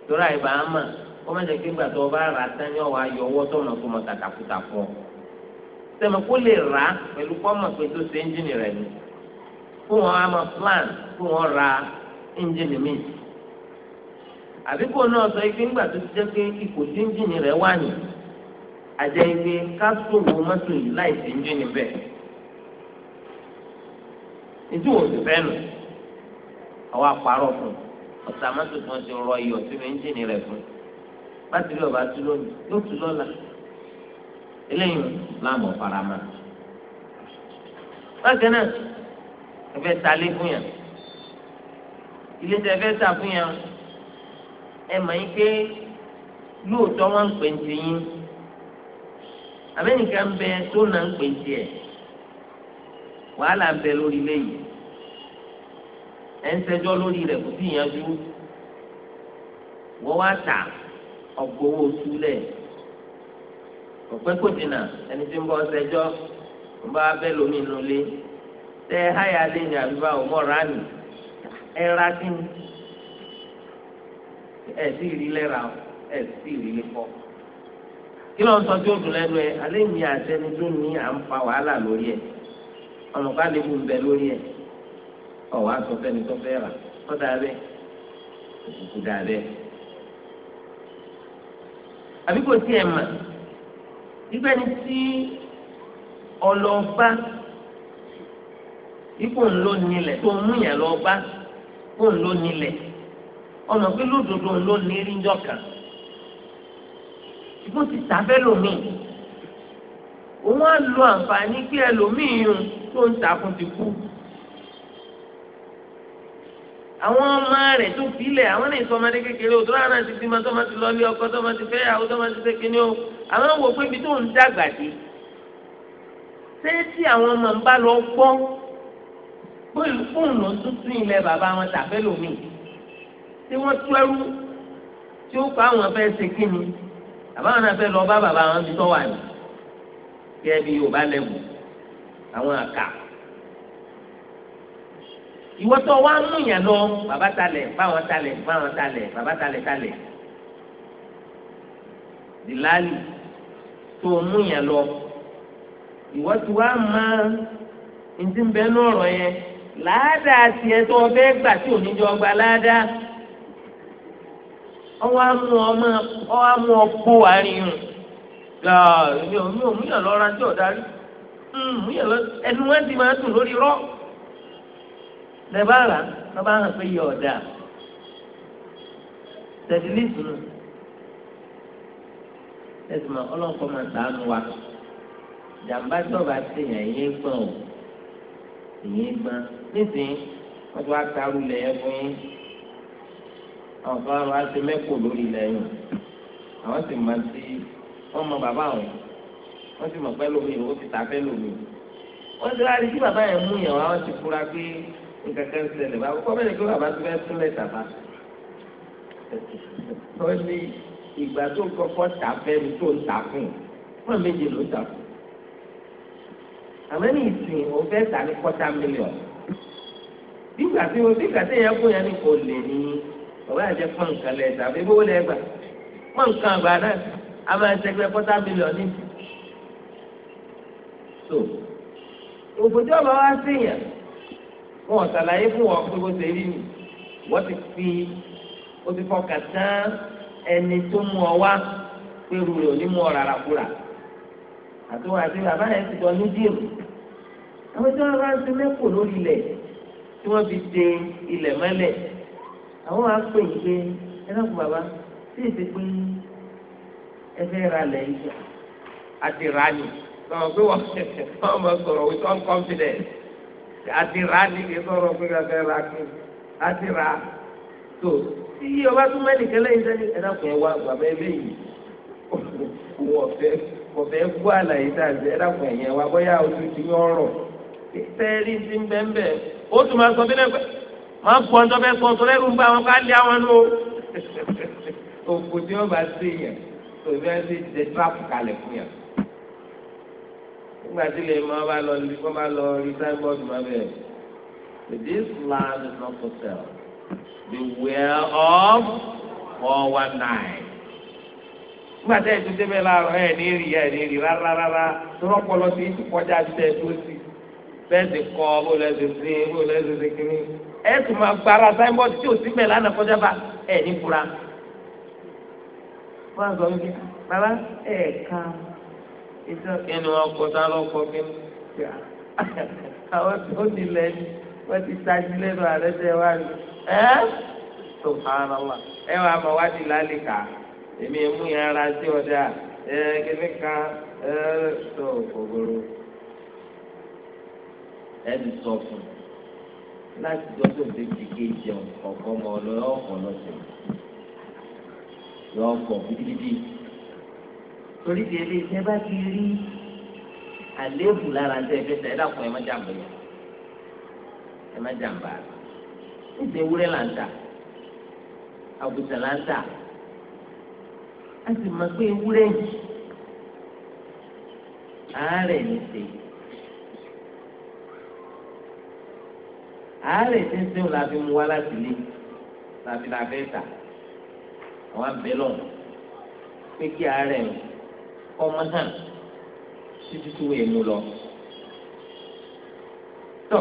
torí àyè bàá mà ó kí gbàtọ́ bá rà tán ní ọ̀wá yọ tó mọ̀ tó mọ̀ tàkàkùtà fún ọ. sẹ́mi kó lè rà á pẹ̀lú kọ́mọ̀ pé tó ṣe ni kó wọn á plan kó wọn ra ẹ́ńjìnì míì àbí kó náà sọ pé ńgbà tó ti jẹ́ pé ipò tí ẹ́ńjìnì rẹ̀ wà ní àjẹ́ ibi ká mọ́tò yìí láì sí ẹ́ńjìnì bẹ́ẹ̀ ìdí wò sí fẹ́ nù àwọn àpárọ̀ fún ọ̀sà mọ́tò ti rọ iyọ̀ sínú ẹ́ńjìnì rẹ̀ fún bátìrì ọ̀bá tú lónìí yóò eléyìí láàmú farama bákan náà ẹ fẹ́ talé fún yàn ilé tẹ fẹ́ tà fún yàn ẹ mọ̀ yín pé lóòótọ́ wọn ń pè ń tiyín amẹ́nìkà ń bẹ tó nà ń pè ń tiẹ̀ wàhálà ń bẹ lórí léyìí ẹ ń ṣẹjọ́ lórí rẹ̀ kó sì yanjú wọ́n wá tà ọgbọ́wọ́ túlẹ̀ yìí òpè kò dínà ẹni tí ń bọ́ ṣẹjọ́ ń bá bẹ́ẹ̀ lómi inú ilé tẹ háyà lé ní àbíbá òmọ́ra nì ẹ ra sí ni ẹ sì rí lẹ́ra ẹ sì rí lẹ́kọ́ kí ló ń sọ tí ó dùn lẹ́nu ẹ alẹ́ mi àtẹni tó ní à ń fa wàhálà lórí ẹ ọ̀nà ká lè mú un bẹ lórí ẹ ọ̀wá sọ fẹ́ni tó fẹ́ rà kọ́ da òkùnkùn da àbí kò tiẹ̀ mà nígbà tí ọlọ́ba ipò ńlọ nílẹ̀ tó mú yẹn lọ́ba ipò ńlọ nílẹ̀ ọ̀nà pé lódodo ńlọ nírí ńjọ́ kan ipò ti tàbẹ́ lómi òun á lo àǹfààní pé ẹlòmíì yun tó ń ta fún ti kú àwọn ọmọ rẹ̀ tó filẹ̀ àwọn lè sọ ọmọdé kékeré o tó rárá ti bímọ tó máa ti lọ ilé ọkọ tó máa ti fẹ́ yàwó tó máa ti fẹ́ kíní o àwọn wò pé ibi tó ń dàgbà dé ṣé tí àwọn ọmọ ń bá lọ gbọ́ pé fóònù tún tún ilẹ̀ bàbá wọn tàbẹ́ lómi tí wọ́n tú ẹrú tí ó kọ́ àwọn fẹ́ ṣe kíni bàbá wọn fẹ́ lọ bá bàbá wọn ti tọ́ wà ní kí ẹ bí Yorùbá lẹ́wù àwọn àkà ìwọ tó wá ń mú yẹn lọ bàbá talẹ̀ báwọn talẹ̀ báwọn talẹ̀ bàbá talẹ̀ talẹ̀ dìláàlì tó mú yẹn lọ ìwọ tó wá máa ń ti bẹ́ẹ̀ ní ọ̀rọ̀ yẹn làádàá tiẹ̀ tó o fẹ́ gbà tí ò ní jọ gba làádàá ọwọ́ amú ọmọ ọwọ́ amú ọkọ àárín yìí mi ò mi ò múyàn lọ rántí ọ̀darí hmm, múyàn lọ ẹnu wọn ti máa dùn lórí rọ́ọ̀ lẹ́bàárà lọ́ba hàn pé yọ ọ̀dà tẹ̀sílísì nù ẹ̀sìn mọ́ ọlọ́nkọ́ máa sàánú wa jàǹbá tọ́ba ti yàn yín gbọ́n o yín gbọ́n nísìnyí wọ́n ti wá taru lẹ̀ ẹ́ fún yín àwọn kan wá ṣe mẹ́kò lórí ilẹ̀ yìí àwọn sì máa ti wọ́n mọ bàbá àwọn wọ́n sì mọ̀ pẹ́ lómi ó ti tà fẹ́ lómi wọ́n ti wá rí bàbá yẹn mú yàn wá wọ́n fura pé nǹkankan ṣẹlẹ̀ báwo kọ́ bẹ́ẹ̀ ni kí bàbá tó fẹ́ tún lẹ́tà bá ó ní ìgbà tó ń kọ́kọ́ tà fẹ́ni tó ń tà fún wọn méje ló ń tà fún àmọ́ ní ìsìn òun fẹ́ tà ní kọ́tà mílíọ̀nù bígbà tí o bígbà tí èèyàn kó yẹn ní kò lè ní bàbá yẹn jẹ́ nǹkan lẹ̀ tàbí bó lẹ́ gbà pọ́n nǹkan àgbà náà a máa ń sẹ́gbẹ́ kọ́tà mílíọ̀nù so òbòjọ́ bá wá sí yẹn wọn ṣàlàyé fún wọn pé bó ṣe rí ni wọ́n ti fi ó ti fọkàn tán ẹni tó mú ọ wá pé ru rẹ̀ ò ní mú ọ rárá kúrà àtúwọ̀n àti bàbá yẹn ti jọ ní díìmù àwọn tí wọ́n bá ń sin mẹ́kò lórí ilẹ̀ tí wọ́n fi de ilẹ̀ mọ́lẹ̀ àwọn á pè é pé ẹ náà kú bàbá tí èsì pé ẹ fẹ́ ra lẹ̀ yìí àti rà ní ọmọ pé wọ́n mọ̀ sọ̀rọ̀ with all confidence àti rà ní kí sọ̀rọ̀ pé kẹfẹ́ rà kí àti rà tó tí iye ọba tó mẹ́lì kẹlẹ́ yìí sẹ́ni ẹ̀dá kò wá bàbá ẹbí yìí wọ́n fẹ́ wọ́n fẹ́ gbọ́ àlàyé tá a ṣe ẹ̀dá kò yẹn wá bóyá ojú ti ń ọ̀rọ̀ tẹ́ẹ̀rí ti ń bẹ́ẹ̀ bẹ́ẹ̀ ó tún máa sọ bí lẹ́gbẹ́ máa bọ̀ ọ́n tó sọ sọ́rẹ́ ló ń ká lé àwọn lò òkú tí wọ́n bá sí yẹn tó nígbà lè máa bá lọ rí kó lọ rí signboard máa bẹ̀ this land is not for sale beware of four one nine nígbà tí ẹ̀sùn débẹ̀ láàárọ̀ ẹ̀ ní rí ẹ̀ ní rí rárá rárá tọ́lọ́pọ̀lọ́ ti ti kọjá ti tẹ̀ tó sí bẹ́ẹ̀ ti kọ́ bó lẹ́sẹ̀ sí bó lẹ́sẹ̀ sí kínní ẹ̀ tún máa gbára signboard tí ò sí bẹ̀ lánàá kọjá bá ẹ̀ ní fura wọ́n á sọ wípé bàbá ẹ̀ẹ̀kan. iṣẹ́ kẹ́ni wọn kọ sálọ kọ kẹ́ni àwọn tó nílẹ̀ wọ́n ti lẹ́nu wá rí ẹ́ tó wà ẹ wà wá lálẹ́ kà èmi yẹn sí ọjà ẹ kẹ́mi ẹ tó ẹ ti sọ fún láti tó ti ké jẹun ọ̀kọ́ mọ́ ọ lọ́ọ́ lọ́sẹ̀ torí di ẹbí tẹ bá ti rí àléébù lára tẹ ẹbí tẹ ẹ dàpọ̀ ẹ má jàmbá yẹn ẹ má jàmbá níta ewúrẹ́ là ń tà àgùntàn là ń tà a sì mọ̀ pé ewúrẹ́ yìí àárẹ̀ ní ṣe àárẹ̀ tí ń sẹ́wọ̀n la mú wá láti ilé la fi fẹ́ tà àwọn abẹ́lọ̀ pé kí àárẹ̀ ń ọmọ hàn títí tí wọ́n èmu lọ. tó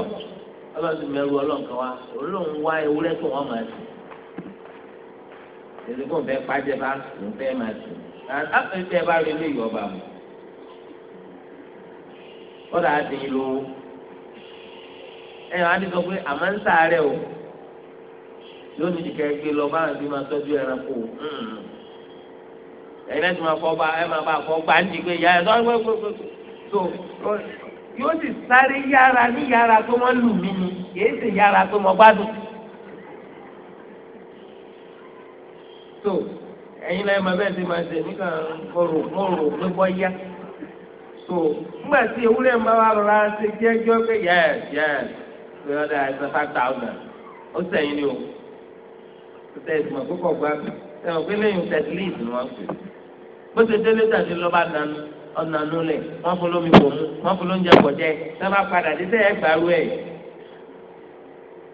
ọlọ́dún mẹ́rù ọlọ́nkan wa olóhùn wá ewúrẹ́ tó wọ́n máa sùn. èdè kò ń fẹ́ pàjẹ́ bá ń fẹ́ máa sùn. àti tẹ́ bá rí ilé ìyọba mọ́. ọ̀dà àti ìlú ẹ̀yàn á pé àmọ́ ń sàárẹ̀ o lónìí kẹ́kẹ́ lọ bá àwọn máa tọ́jú ẹranko hmm ẹ̀yin náà ti máa fọ́ bá ẹ máa bá fọ́ gbá ń di pé ìyá ẹ̀ sọ wẹ́ wẹ́ wẹ́ tó yóò sì sáré yára ní yára tó wọ́n lù mí ni kìí sì yára tó wọ́n gbádùn. tó ẹ̀yin náà ẹ máa bẹ́ẹ̀ ti máa ṣe nígbà mọ̀rọ̀ mọ̀rọ̀ ló bọ́ yá so nígbà tí ewúrẹ́ máa wá rọra ṣe jẹ́jọ́ pé yẹ́s yẹ́s pé ọ̀dà ẹ̀sán five thousand ó sẹ́yìn ni o ó sẹ́yìn tí mo kókò gbá mi ẹ̀wọ̀n pé lẹ́yìn tẹ̀sílíìsì ni wọ́n pè é bó ṣe délé tàbí lọ́ba nànú ọ̀nà nulẹ̀ wọ́n fún lómi kò mú wọ́n fún lóúnjẹ pọ̀ jẹ́ sábà padà dé sẹ́yẹ gbàrú ẹ̀.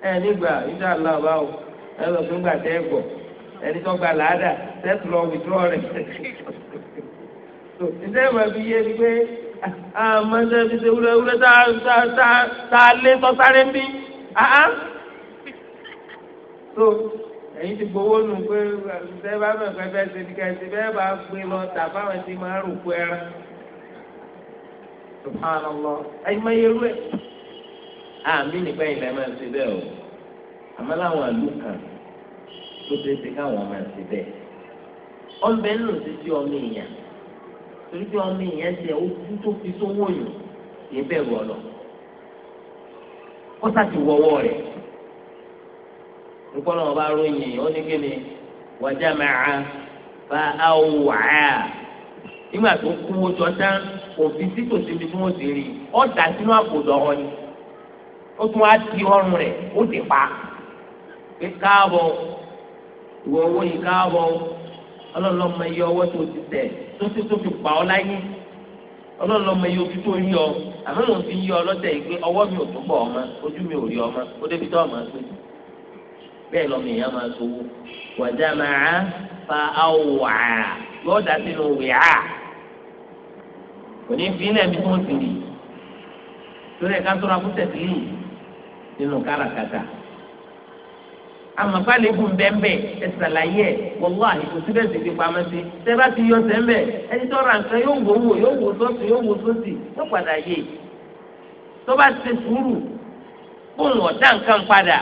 ẹ nígbà ìṣe àlọ́ ọba o ẹ lọ fún gbà tẹ́ gbọ̀ ẹni tó gba làádà tẹ́tù lọ wìdúrọ̀ rẹ̀. ìṣe ìmọ̀ fi yé ni pé àmọ́ ṣe fi ṣe wúlẹ̀ wúlẹ̀ tá a lé sọ sáré ń bí ẹ̀yin ti gbowó nù pé ṣẹ́ bá mẹ̀fẹ́ fẹ́ ṣe ní kẹ́sì bẹ́ẹ̀ bá gbé lọ tàbá wọn ti máa rò kú ẹran subhanallah ẹ̀yin máa yẹrú ẹ̀ àmì nípa ìlẹ̀ máa ṣe bẹ́ẹ̀ o àmọ́ láwọn àlù kan tó ṣe ṣe káwọn máa ṣe bẹ́ẹ̀ ọ̀nbẹ́ nù ti di ọmọ èèyàn torí pé ọmọ èèyàn ti ẹ̀ ó kú tó fi sówó yìí ìbẹ̀rù ọ̀nà ó sàti wọ́wọ́ rẹ̀ nkọlọ wọn bá ròyìn ó ní kíni wàjà màá fa awà nígbà tó kú wọjọ tán òfin títòsí mi tí wọn ti rí ọ dà sínú àpòdọ ọ ni ó tún wá ti ọrùn rẹ̀ ó ti pa pé káàbọ̀ ìwọ owó yìí káàbọ̀ ọlọlọmọ iye ọwọ́ tó ti tẹ̀ tó ti tó fi pa ọ láyé ọlọlọmọ iye ojú tó rí ọ àmọ́ lòun yí ọ lọ́tẹ̀ yìí pé ọwọ́ mi ò túbọ̀ ọmọ ojú mi ò rí ọmọ ó débi tó ọmọ pé. bẹ́ẹ̀ lọ́mọ èèyàn máa sowó wàjà máa fa awà yóò dá sínú wìá òní ìpínlẹ̀ mi tó ń tìrì torí ẹ̀ka tó ra kó tẹ̀sí lù nínú káràkátà amagbalebu bẹ́ẹ̀nbẹ́ẹ̀ ẹ̀sàlàyé ẹ̀ àyíkò síbẹ̀ sí ti sí sẹ́bà ti yọ sẹ́ńbẹ̀ ẹni tó ra nǹkan yóò wò wò yóò wò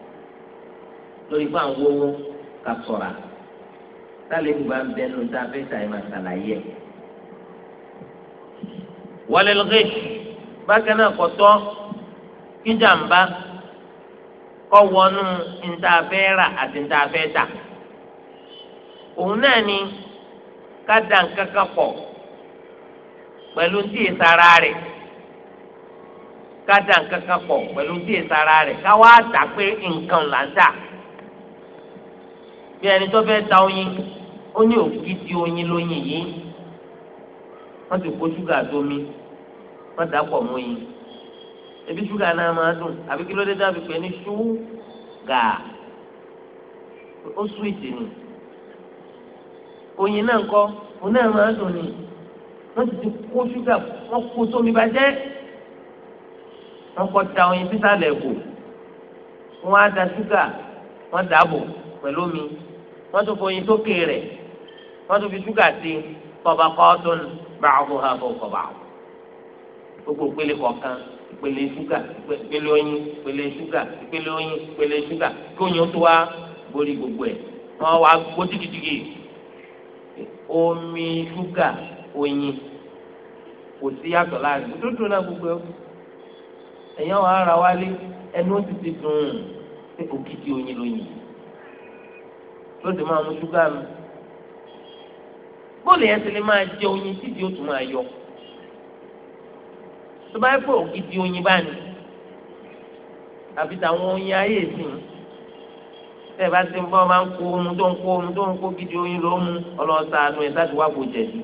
lórí fún àwọn owó ká sọ̀ra sálẹ̀ kí bá ń bẹ nínú tá a fẹ́ sàyẹ̀mà sàlàyé ẹ̀. wọlé lókè bákan náà kò tọ́ kí jàǹbá kọ́ wọnú níta fẹ́ rà àti níta fẹ́ tà òun náà ni ká da nǹkan kan pọ̀ pẹ̀lú tí ìsara rẹ̀ ká da nǹkan kan pọ̀ pẹ̀lú tí ìsara rẹ̀ ká wá dà pé nǹkan là ń tà bí ẹni tó fẹ́ ta oyin ó ní òkú ti oyin lóyin yìí wọ́n ti kó ṣúgà sómi wọ́n dà pọ̀ mọ́ oyin ebi ṣúgà náà máa dùn àbí kí ló dé dábì pé ní ṣúgà ó súwìtì ni oyin náà kọ́ òun náà máa dùn ni wọ́n ti kó ṣúgà wọ́n kó sómi bàjẹ́ wọ́n kọ́ ta oyin sísàlẹ̀ kù wọ́n á da ṣúgà wọ́n dà pẹ̀lú omi wọ́n tún foyin sókè rẹ̀ wọ́n tún fi ṣúgà sí kọba kọ́ọ̀tún báwo ha bọ̀ kọba. gbogbo ìpele kọ̀ọ̀kan ìpele ṣúgà ìpele oyin ìpele ṣúgà ìpele oyin ìpele ṣúgà kí oyin tó wá borí gbogbo ẹ̀ wọ́n wá gbó jìgìjìgì omi ṣúgà oyin kò sí yàtọ̀ láàrin dúdú náà gbogbo ẹ̀ ẹ̀yàn wà á ra wálé ẹnu ó ti ti dùn ún pé òkìtì oyin lóyin yìí yóò sì máa mú ṣúgà mi bóòlù yẹn ti lè máa jẹ oyin tí di o tún máa yọ tó bá yẹ pé ògidì oyin bá ní àbí táwọn oyin ayé ìsìn tẹ́ ẹ bá ti ń bọ́ máa ń kó omi tó ń kó omi tó ń kó gidi oyin ló mú ọlọ́ọ̀ta àánú ẹ̀ láti wá kó jẹ̀dí.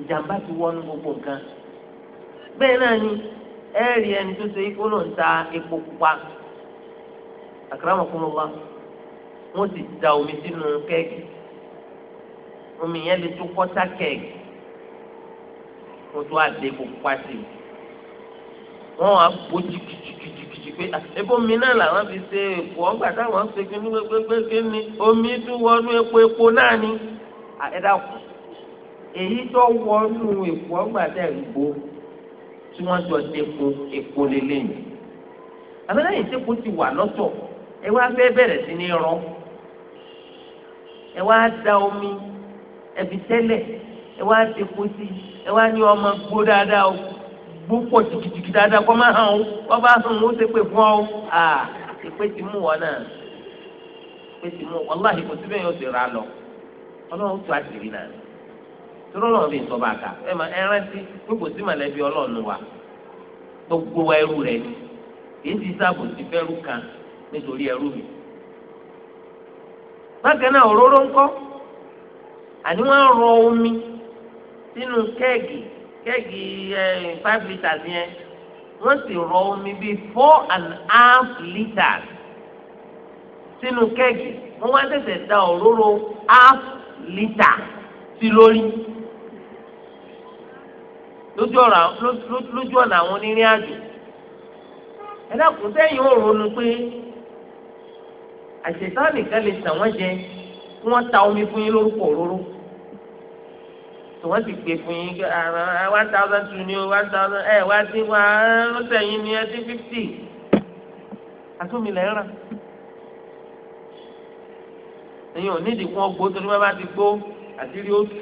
ìjàmbá ti wọ́nú gbogbo nǹkan bẹ́ẹ̀ náà ni ẹ̀ẹ́rì ẹni tó ṣe ikú ló ń ta epo pupa akramakumullah wọ́n sì da omi sínú kẹ́ẹ̀kì omi yẹn lè tó kọ́tà kẹ́ẹ̀kì wọ́n tó àdé gbogbo pàṣẹ wọ́n á bó jìkìjìkìjì pé ah, epo mi náà làwọn fi ṣe èpo ọgbà táwọn ṣe kí ní gbégbégbé ni omi tún wọnú epo epo náà ni àdẹ́dàkùn èyí tó wọnú epo ọgbà tẹ̀ ń gbó tí wọ́n jọ dé epo epo lélẹ́yìn àbẹ́lẹ́yìn tí epo ti wà lọ́tọ̀ ẹ wá fẹ́ bẹ̀rẹ̀ sí ní rọ ẹ wá da omi ẹbí tẹ́lẹ̀ ẹ wá ti kú sí ẹ wá ní ọmọ gbó dáadáa o gbó pọ̀ tìkìtìkì dáadáa kọ́ máa hàn o kọ́ bá hàn o ṣe pé fún ọ à ìpè ti mú wọn náà ìpè ti mú wàláhì kò síbẹ̀ yóò ti ra lọ ọlọ́run tó àṣírí náà tọ́lọ́ náà bí nsọ́ bá a kà ẹ máa ẹ rántí pé kò sí màlẹ́bí ọlọ́run wa gbogbo wa ẹrú rẹ ni èyí ti sábò ti fẹ́rù kan nítorí ẹrú mi bákan náà òróró ńkọ́ àní wọ́n rọ omi sínú kẹ́ẹ̀gì kẹ́ẹ̀gì five litres yẹn wọ́n sì rọ omi bíi four and a half litres sínú kẹ́ẹ̀gì wọ́n wá tẹ̀sẹ̀ da òróró half litre sí lórí lójú ọ̀nà àwọn onírìn àjò ẹ̀dá kò sẹ́yìn òrònú pé àṣetán nìkan lè tàn wọ́n jẹ kí wọ́n ta omi fún yín lórúkọ òróró tí wọ́n ti pè fún yín ah, ah, one thousand two ni o one thousand ẹ eh, wá sí wa lọ́sẹ̀ yín ni ẹ sí fifty àtúnmí lẹ́ ń rà ẹ̀yin ò nídìí kí wọ́n gbó torí wọ́n bá ti gbó àtìrí òtù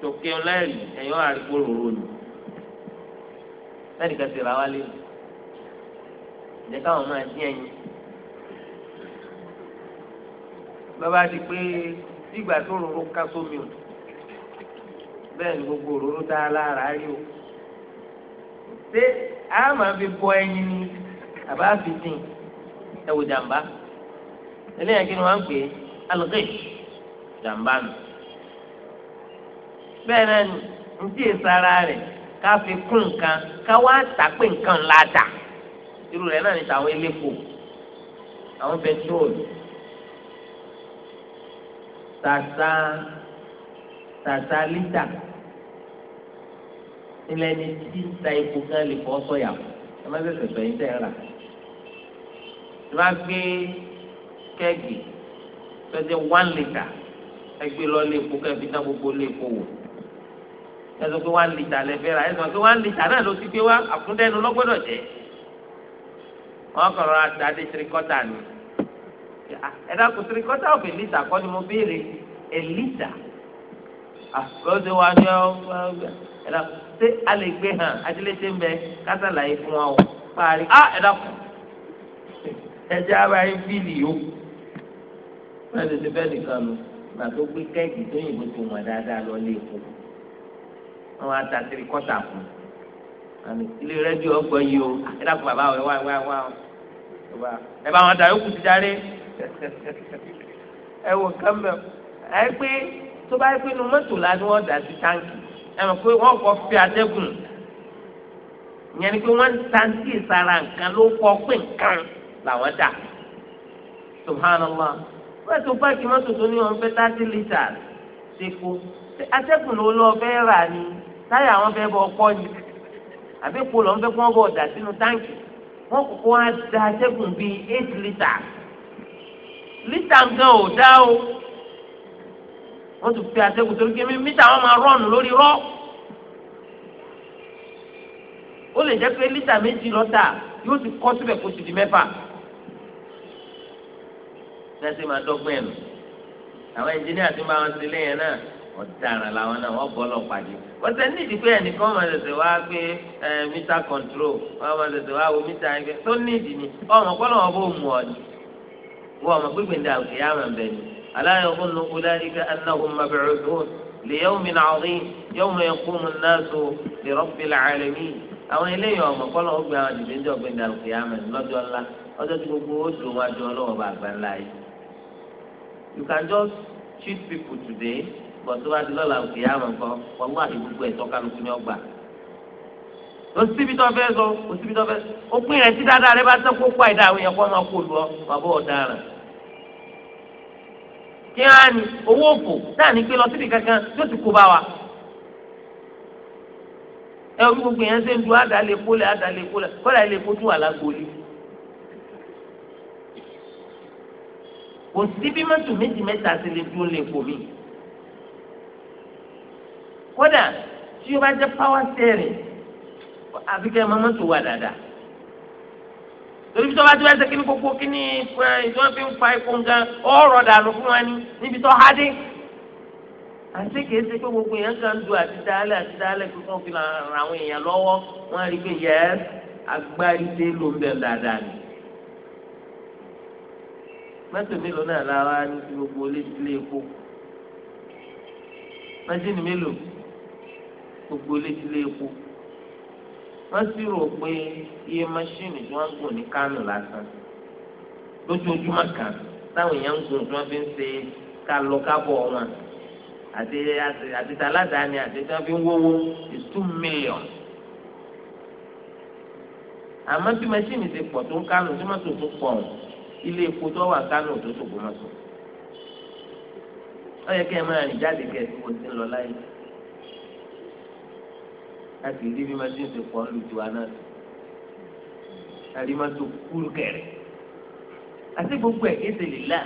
tòkè ńlẹ́rì ẹ̀yin ò àrígbó ròrò ni lẹ́yìn kan ti wálé ìjẹ́ káwọn máa dín ẹyin lọ́ba di pé ìgbà tó rorò ká sómi o bẹ́ẹ̀ ni gbogbo òróró dá lára rí o ṣé a máa fi bọ ẹyin ni àbá fi sìn ẹwò jàmbá eléyà kí ni wọ́n pè é alùpùpù jàmbá nù bẹ́ẹ̀ náà ni ntí ìsara rẹ̀ ká fi kún nǹkan ká wá tàpé nǹkan ńlá dà irú rẹ̀ náà ni tàwọn elépo àwọn bẹntiróòlù tàṣà tàṣà lítà nílẹ̀ ní tí ń ta epo gan lè fọ́ sọ̀yà ẹ má bẹ̀rẹ̀ sọ̀yìn tẹ̀ rà ẹ má gbé kẹ́ẹ̀gì tọ́jú one litre ẹ gbé lọ lé epo kẹ́ẹ̀fì tán gbogbo lé epo wò ẹ sọ pé one litre lẹ fẹ́ rà ẹ sọ pé one litre náà ló ti gbé wá àkúndẹ́nu lọ́gbọ́dọ̀ jẹ́ wọ́n kọ̀ rọra ta dé quarter ni. Ah, ẹ dákun three quarter of a litre kọ́ ni mo béèrè a litre àkọsí wa ni ọ ẹ dákun ṣé a lè gbé hàn adílẹ́sẹ̀ ń bẹ kásàlàyé fún wa o parí á ah, ẹ dákun ẹjẹ ara yín fíìlì yó bẹ́ẹ̀ ti bẹ́ẹ̀ nìkan lọ gbà tó gbé kẹ́ẹ̀kì tó yìnbó tó wọn dáadáa lọ lé epo wọn á ta three quarter fún un ilé rẹ́díò ọgbọ́n yìí o ah, ẹ dákun bàbá ẹ wá wá wá ẹ bá wọn ta yókù ti darí ẹ wò nǹkan mẹ ẹ pé tó bá yẹ pé inú mọ́tò la ni wọ́n dà sí táǹkì ẹ mọ̀ pé wọ́n kọ́ fi àtẹ́gùn ìyẹn ni pé wọ́n ń ta nǹkan ló kọ́ pé nǹkan làwọn dà subhanallah wọ́n ti páàkì mọ́tò tó ní wọn fẹ́ thirty litres ṣe kó atẹ́kùn ló lọ fẹ́ rà ni táyà wọn fẹ́ bọ ọkọ ni àbí epo lọ́n fẹ́ kó wọn bọ̀ dà sínú táǹkì wọ́n kọ́kọ́ wá da atẹ́kùn bíi eight litres lítà gan ò dá o wọ́n tún fi àtẹ̀kù torí kí mítà wọn máa rọ̀nù lórí rọ́ ó lè jẹ́ pé lítà méjì lọ́tà yóò ti kọ́ síbẹ̀ kó ti di mẹ́fà lẹ́sìn máa dọ́gbọ́n ẹ̀ nù àwọn ẹnjìníà tí máa ń sílé yẹn náà ọ̀daràn làwọn náà wọ́n bọ́ lọ pàdé ọ̀sẹ̀ ní ìdìpẹ́ ẹnìkan máa tẹ̀sẹ̀ wá gbé mítà kọ̀ǹtró wọ́n máa tẹ̀sẹ̀ wá wo mítà ẹgbẹ́ tó ní ìdì ni ọmọ kọ́ lọ́wọ́ bó mú ọ ni wọ́n àwọn gbígbé ní àwòrán yà máa bẹ̀ ni. aláyọ̀ kún ní ọlọ́ọ̀dẹ́gbẹ́ anáhùn mabẹ̀rẹ̀ ọdún lèyẹ́wò mi náà rí yẹ́wò mi kú mu náà so lè rọ́pì làálẹ̀ mí. àwọn eléyìí ọmọ kọ́lọ́ ó gbé àwọn dìde ní ọgbẹ́ ní àwòrán yà máa lọ́jọ́ ńlá ọjọ́ tí gbogbo ó dùn wá jọ ọlọ́wọ́ bá gbà ńlá yìí. you can just cheat people today but tó bá ti lọ́la òkè yà máa kọ́ wọ́n wá ìgbógbó ẹ̀tọ́ kálukú ní ọgbà osibi tó fẹ́ sọ osibi tó fẹ́ sọ òpin rẹ̀ ti dáadáa rẹ̀ bá tẹ́ kó kó àìdá àwọn yẹn kó ọmọ kó lu ọ wà bó ọ̀daràn kí á ní owó òfò náà ní pé lọ síbi kankan tó ti kó bá wa. ẹ o gbogbo yẹn ṣe ń du àdàlẹ̀ kólẹ̀ àdàlẹ̀ kólẹ̀ kọ́lá ilé kó tún wà lágbóolé. kò sí bí mọ́tò méjì mẹ́ta ti lè dún lè pò mí. kódà tí o bá jẹ́ power steering àbíkẹ́ mọ́tò wà dáadáa torí bitọ́ bá ti wá ṣe kíní gbogbo kíní ìjọ fi ń fa ikú gan ọ̀rọ̀ dànù fún wa ni níbi tọ́ hádé. àti kìí ṣe pé gbogbo èèyàn kan du àti dálẹ̀ àti dálẹ̀ pé wọ́n fi ràn àwọn èèyàn lọ́wọ́ wọ́n rí pé yẹ agbárí dé ló ń bẹ̀ dáadáa ni. mẹ́tò mélòó náà láwa ní ti gbogbo ilé epo mẹ́tìnì mélòó gbogbo ilé epo wọ́n sì rò pé iye mọ́ṣíìnì tí wọ́n ń gùn ní kánò lásán lójoojúmọ́ kan táwọn èèyàn ń gùn tí wọ́n fi ń ṣe kálọ́kábọ̀ wọn àti àti aládàáni àti tí wọ́n fi ń wówó is two million. àmọ́ bí mọ́ṣíìnì ti pọ̀ tó ń kánò tí mọ́tò tó pọ̀ ilé epo tó wà kánò tó ṣògbọ́n mọ́tò. ó yẹ kí ẹ máa rìn jáde kẹ́ ẹ tí mo ti ń lọ láyé láti rí bí wọ́n ti ń ṣe pọ̀ ń lu tiwa náà sí àrí máa tó kúrú kẹrẹ àti gbogbo ẹ̀ kéde lè là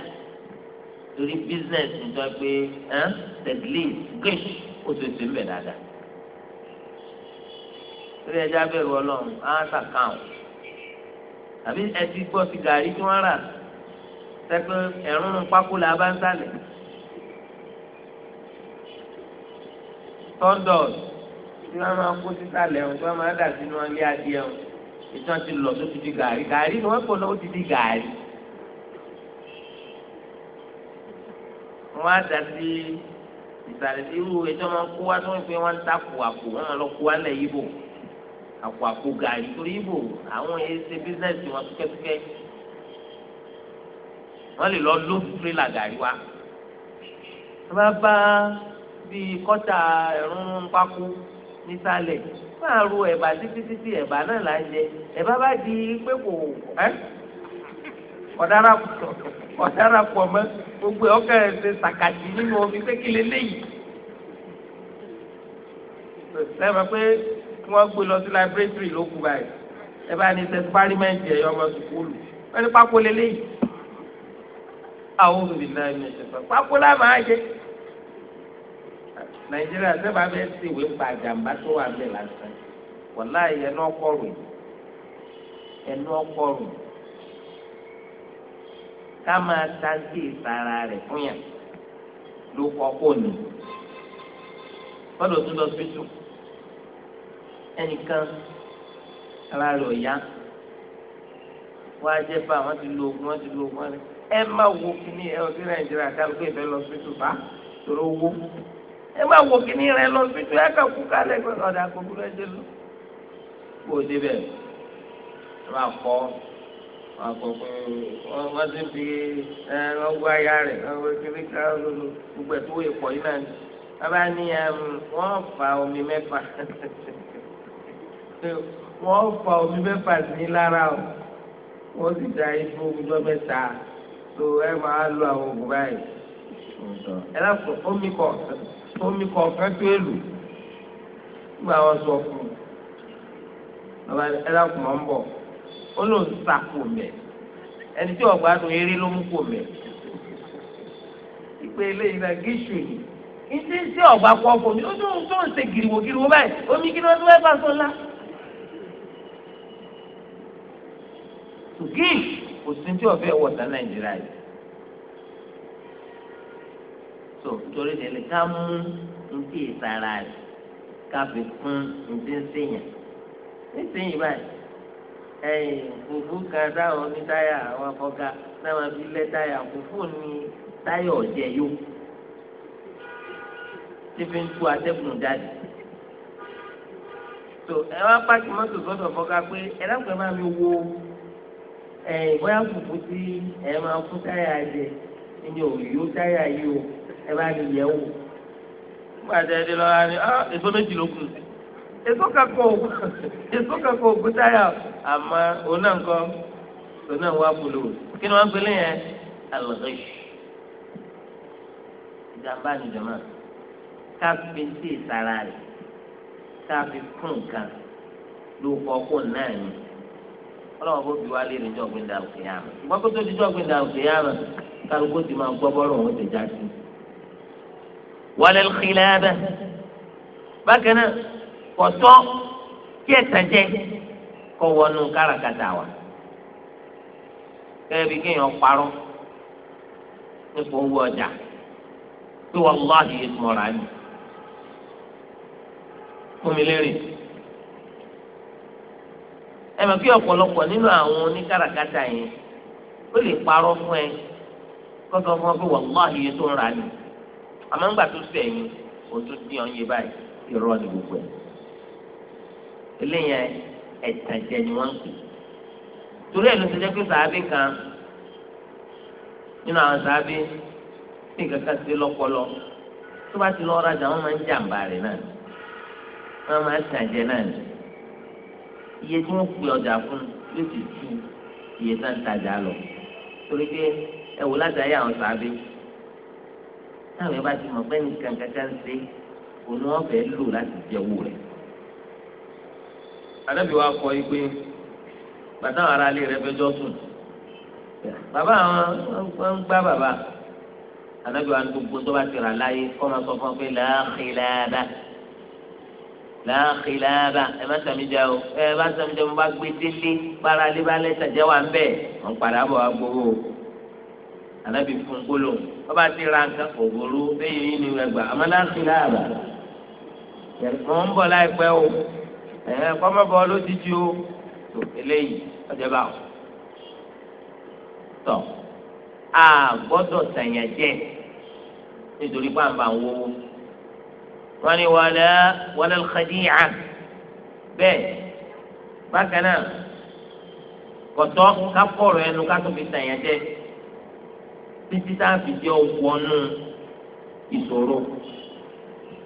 torí bísíǹsì nígbà pé tẹ̀lé gẹ̀ẹ́sì ó ti ṣe ń bẹ̀ dáadáa torí ẹja bẹ̀rù ọlọ́run á sàkáwọn àbí ẹ ti gbọ́ sí gàrí tí wọ́n rà sẹ́pẹ́ ẹ̀rún pákó la bá ń sálẹ̀ tọ́ndọ̀sì tí wọ́n máa kó sísàlẹ̀ ọ̀hún tí wọ́n máa dà sínú ilé adìẹ ọ̀hún ìtàn ti lọ tó ti di gàrí gàrí ni wọ́n pọ̀ náà ó ti di gàrí. wọ́n á dà sí ìsàlẹ̀ sí irú ètò máa kó wá tó ń pè wọ́n ń àpò wọ́n lọ kó wá lẹ̀ yíbò àpò àpò gàrí torí yíbò àwọn èyí ṣe bísíǹsì wọn túkẹ́túkẹ́ wọ́n lè lọ ló tirẹ́là gàrí wa. wọ́n bíi kọ́tà ẹ̀rún pákó nísàlẹ̀ máa ru ẹ̀bà títí títí ẹ̀bà náà là ń jẹ ẹ̀bà bá di pé kò ọ̀dára pọ̀ mọ́ gbogbo ọkọ̀ ẹ̀sẹ̀ sàkàtì nínú omi sékìlì léyìí. sẹ́wọ̀n pé kí wọ́n gbé lọ sí laboratory ló kú báyìí ẹ bá ní sẹ́sipárímẹ́ǹtì ẹ̀yọ́ ọmọ sùkúlù wọ́n ní pákó lélẹ́yìí. àwọn olùdíje náà ń yẹ ṣẹ̀fọ́ pákó láà máa jẹ nàìjíríà sábà bẹ́ẹ̀ sì wé pa àjàmbá tó wà bẹ́ẹ̀ lásán wọ́lá ẹnu ọkọ̀rùn ẹnu ọkọ̀rùn ká máa tàǹtì ìsara rẹ̀ fún yàn ló kọ́ kó nù fọ́dọ̀ tó lọ sí tù ẹnìkan ara rẹ̀ ọ̀yá wọ́n á jẹ́ bá wọ́n ti lo oògùn wọ́n ti lo oògùn ẹ má wo kíní ẹ ọdún nàìjíríà dárúkọ ìfẹ́ lọ sí tù bá tòró wó ẹ máa wò kíní rẹ lọ síbi ẹ kàn kú kálẹ̀ pé ọ̀dà kò burú ẹjẹ lọ. kó o débẹ̀ ẹ máa kọ́ máa kọ́ pé wọ́n ti fi ẹ wọ́n wá rẹ̀ wọ́n kiri ká gbogbo ẹ̀tọ́ ìpọ̀ yìí náà ni bàbá ní wọ́n fa omi mẹ́fà wọ́n fa omi mẹ́fà sí lára o wọ́n sì da ibi ogúnjọ́ mẹ́ta tó ẹ máa lo àwọn òògùn báyìí ẹ lọ́sọ̀ omi kọ̀ ọ̀sẹ̀ omi kọ̀ọ̀kan tó èlò nígbà wọn sọ fún un bàbá ẹ dákun máa ń bọ̀ ó lòun sàkó mẹ́ ẹni tí ọ̀gbà tó eré ló mú kó mẹ́ ìpè eléyìí náà gíṣù ni ìdí sí ọ̀gbà kọ́ fún mi ó tó ń tó ń ṣe gìrìwò gìrìwò báyìí omi kí ni wọ́n ti wá bá ńlá. tùkì kò sí tí ọ̀fẹ́ wọ̀ta nàìjíríà yìí tó torí délé ká mú ntí ìsara rẹ̀ ká fi kún ntí nsèyàn nísìnyí báyìí ẹ̀yìn fùfú kan táwọn onítáyà àwọn afọgá náà máa fi lẹ táyà fùfú ni táyà ọ̀jẹ̀ yó tí fi ń tú atẹ́kùn jáde tó ẹ wá pàṣẹ mọ́tò sọ́dọ̀ fọ́ká pé ẹ dákun ẹ máa mi wo ẹ̀yìn bóyá fùfú tí ẹ máa fún táyà jẹ ẹ̀yìn òòyó táyà yìí o ẹ bá lè yẹ̀ wò nígbà tí ẹ dé lọ́wọ́ á ní ah, èso méjì ló kù èso kakọ èso kakọ òkútáyà àmọ́ ọ̀nà nǹkan ọ̀nà wà bolo kí ni wọ́n gbélé yẹn alẹ́ṣ ìjàmbá nìjọba ká fi sí ìsara rẹ̀ ká fi fún nǹkan ló kọ́ kó náà ni ọlọ́wọ́ bó fi wá lé ní ìjọ́gbìn dàrú kìyàmù ìgbọ́kótó ìjọ́gbìn dàrú kìyàmù kálukó ti máa gbọ́ bọ́rọ̀ òun ti já sí i wala al-khilaba bákan náà kọ̀tọ́ kí ẹ̀sán jẹ́ kọ́ wọnú káràkátà wa kẹ́ẹ́ bí kéèyàn parọ́ nípa owó ọjà pé wàláhì yìí mọ̀ rà ní fún mi ẹ mọ̀ kí ọ̀pọ̀lọpọ̀ nínú àwọn oníkáràkátà yẹn ó lè parọ́ fún ẹ kọ́kọ́ fún ọ pé wàláhì yìí tó ń rà ní àmọ́ ńgbà tó sẹ̀ yín o tún dín ọ̀ ń yé báyìí irọ́ ni gbogbo ẹ̀ eléyẹn ẹ̀tànjẹ ni wọ́n ń pè torí ẹ̀ ló ti jẹ́ pé sàábì kan nínú àwọn sàábì ní kankan sí lọ́pọlọ tó bá ti lọ rajà wọ́n máa ń jàǹbá rẹ̀ náà wọ́n máa ń tànjẹ náà ni iye tí wọ́n pè ọjà fún yóò ti ju iye tá ń tajà lọ torí pé ẹ wò látàrí àwọn sàábì táwọn yẹn bá ti mọ̀ pé nìkan kankan ṣe òun wọn fẹ́ lò láti jẹ owó rẹ̀. adábì wa kọ igbe bàtà àwọn ará ilé rẹ̀ fẹjọ́ sùn bàbá àwọn ń gbá bàbá anábì wa gbogbo tó bá ti láyé kọ́ máa sọ fún ọ pé làákìláàdá làákìláàdá ẹ má sàmìjà o ẹ má sàmìjà mo bá gbé délé gbára lé bá lẹ́sà jẹ́ wà ń bẹ̀ wọ́n padà bọ̀ wá gbowó o anabi fún gbólóhùn ọba ti ra nǹkan kò burú lẹ́yìn yìí ni ẹgbà àmọ́ láti láàbà mọ̀ ń bọ̀ láìpẹ́ o ẹ̀hẹ́n kọ́mọ́bọ̀ lójijì o tó eléyìí ọjọ́ bá o tọ̀ a gbọ́dọ̀ tẹ̀yàn jẹ́ nítorí pàǹpà ń wọ́wọ́ wọ́n ní wàlẹ́ wàlẹ́ lùkàdíyà bẹ́ẹ̀ bákan náà kọ̀tọ́ ká kọ̀rọ̀ ẹnu ká tó fi jẹ́ títí tá a fi jẹ́ wọnú ìṣòro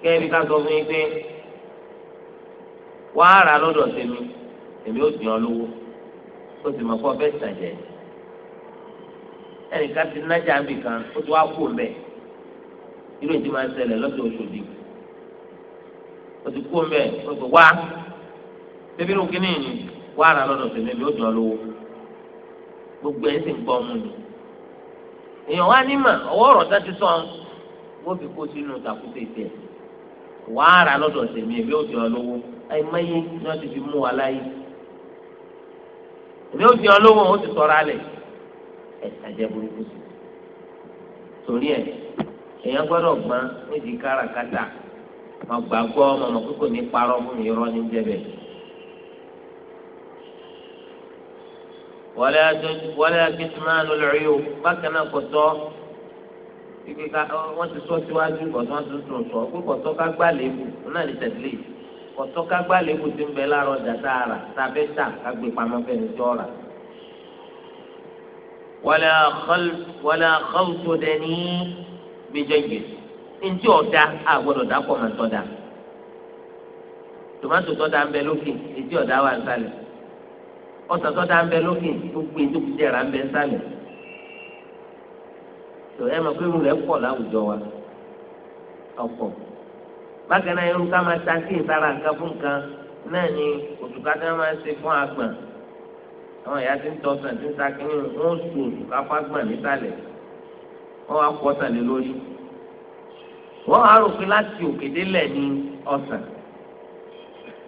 kẹ́ẹ̀bí ká sọ fún yín pé wàá rà lọ́dọ̀ tèmi èmi ò dín ọ lówó ó sì mọ̀ kó ọbẹ̀ ìtàjẹ́ ẹnìkan ti nájà ń bì kan ó ti wá kú mbẹ́ irú èdè máa ń ṣẹlẹ̀ lọ́dọ̀ Òṣòdì ó ti kú mbẹ́ ó ti wá bébí irú kínní wàá rà lọ́dọ̀ tèmi èmi ò dín lówó gbogbo ẹ̀ sì ń gbọ́ ọmọ nìyí èèyàn wá nímọ̀ ọwọ́ ọ̀rọ̀ tá ti sọ wọ́n fi kó sínú tàkúté tiẹ̀ wàá rà lọ́dọ̀ tèmi èmi ò jẹun lówó àìmọye ni wọ́n ti fi mú wa láyé èmi ò jẹun lówó ó ti sọ̀rọ̀ alẹ̀ ẹ̀ àjẹ́ burúkú sí torí ẹ̀ èèyàn gbọ́dọ̀ gbọ́n nídìí káràkátà ọgbà gbọ́ ọmọ ọmọ kókò ní parọ́ fún mi irọ́ ní jẹ́bẹ̀ẹ́. wọlé akitimánu lẹ́yìn o bákan náà kọ̀tọ́ ibi ká wọ́n ti sọ síwájú kọ̀tọ́ wọn ti sùn sọ pé kọ̀tọ́ ká gbà léwu wọn náà ní tẹ̀lé kọ̀tọ́ ká gbà léwu ti ń bẹ láàárọ̀ dàtà rà tàbí tà ká gbé pamọ́ fẹ́ni tí ó rà. wọlé akọ́wùtò dẹni méjèèjì ntí ọ̀dà àgbọ̀dọ̀ dàpọ̀ mọ́tọ́dà tòmátò tọ́da ń bẹ lókè ntí ọ̀dà wà ń sálẹ̀ ọsàn tó dáa ń bẹ lókè gbogbo ètò kùtì ẹ̀rà ń bẹ sálẹ̀ tó ẹ mọ̀ pé irun rẹ̀ pọ̀ láwùjọ wa ọ̀pọ̀ bákan náà irun ká máa ta sí ìsara nǹkan fún nǹkan náà ni òtùká tí wọ́n máa ń ṣe fún àgbọ̀n àwọn ìyá tí ń tọ́ sàn tí ń sakínú wọn ò sùn òtùká fágbọ̀n nísàlẹ̀ wọn á pọ̀ sàn lé lórí wọn á rò pé láti òkè délẹ̀ ni ọ̀sán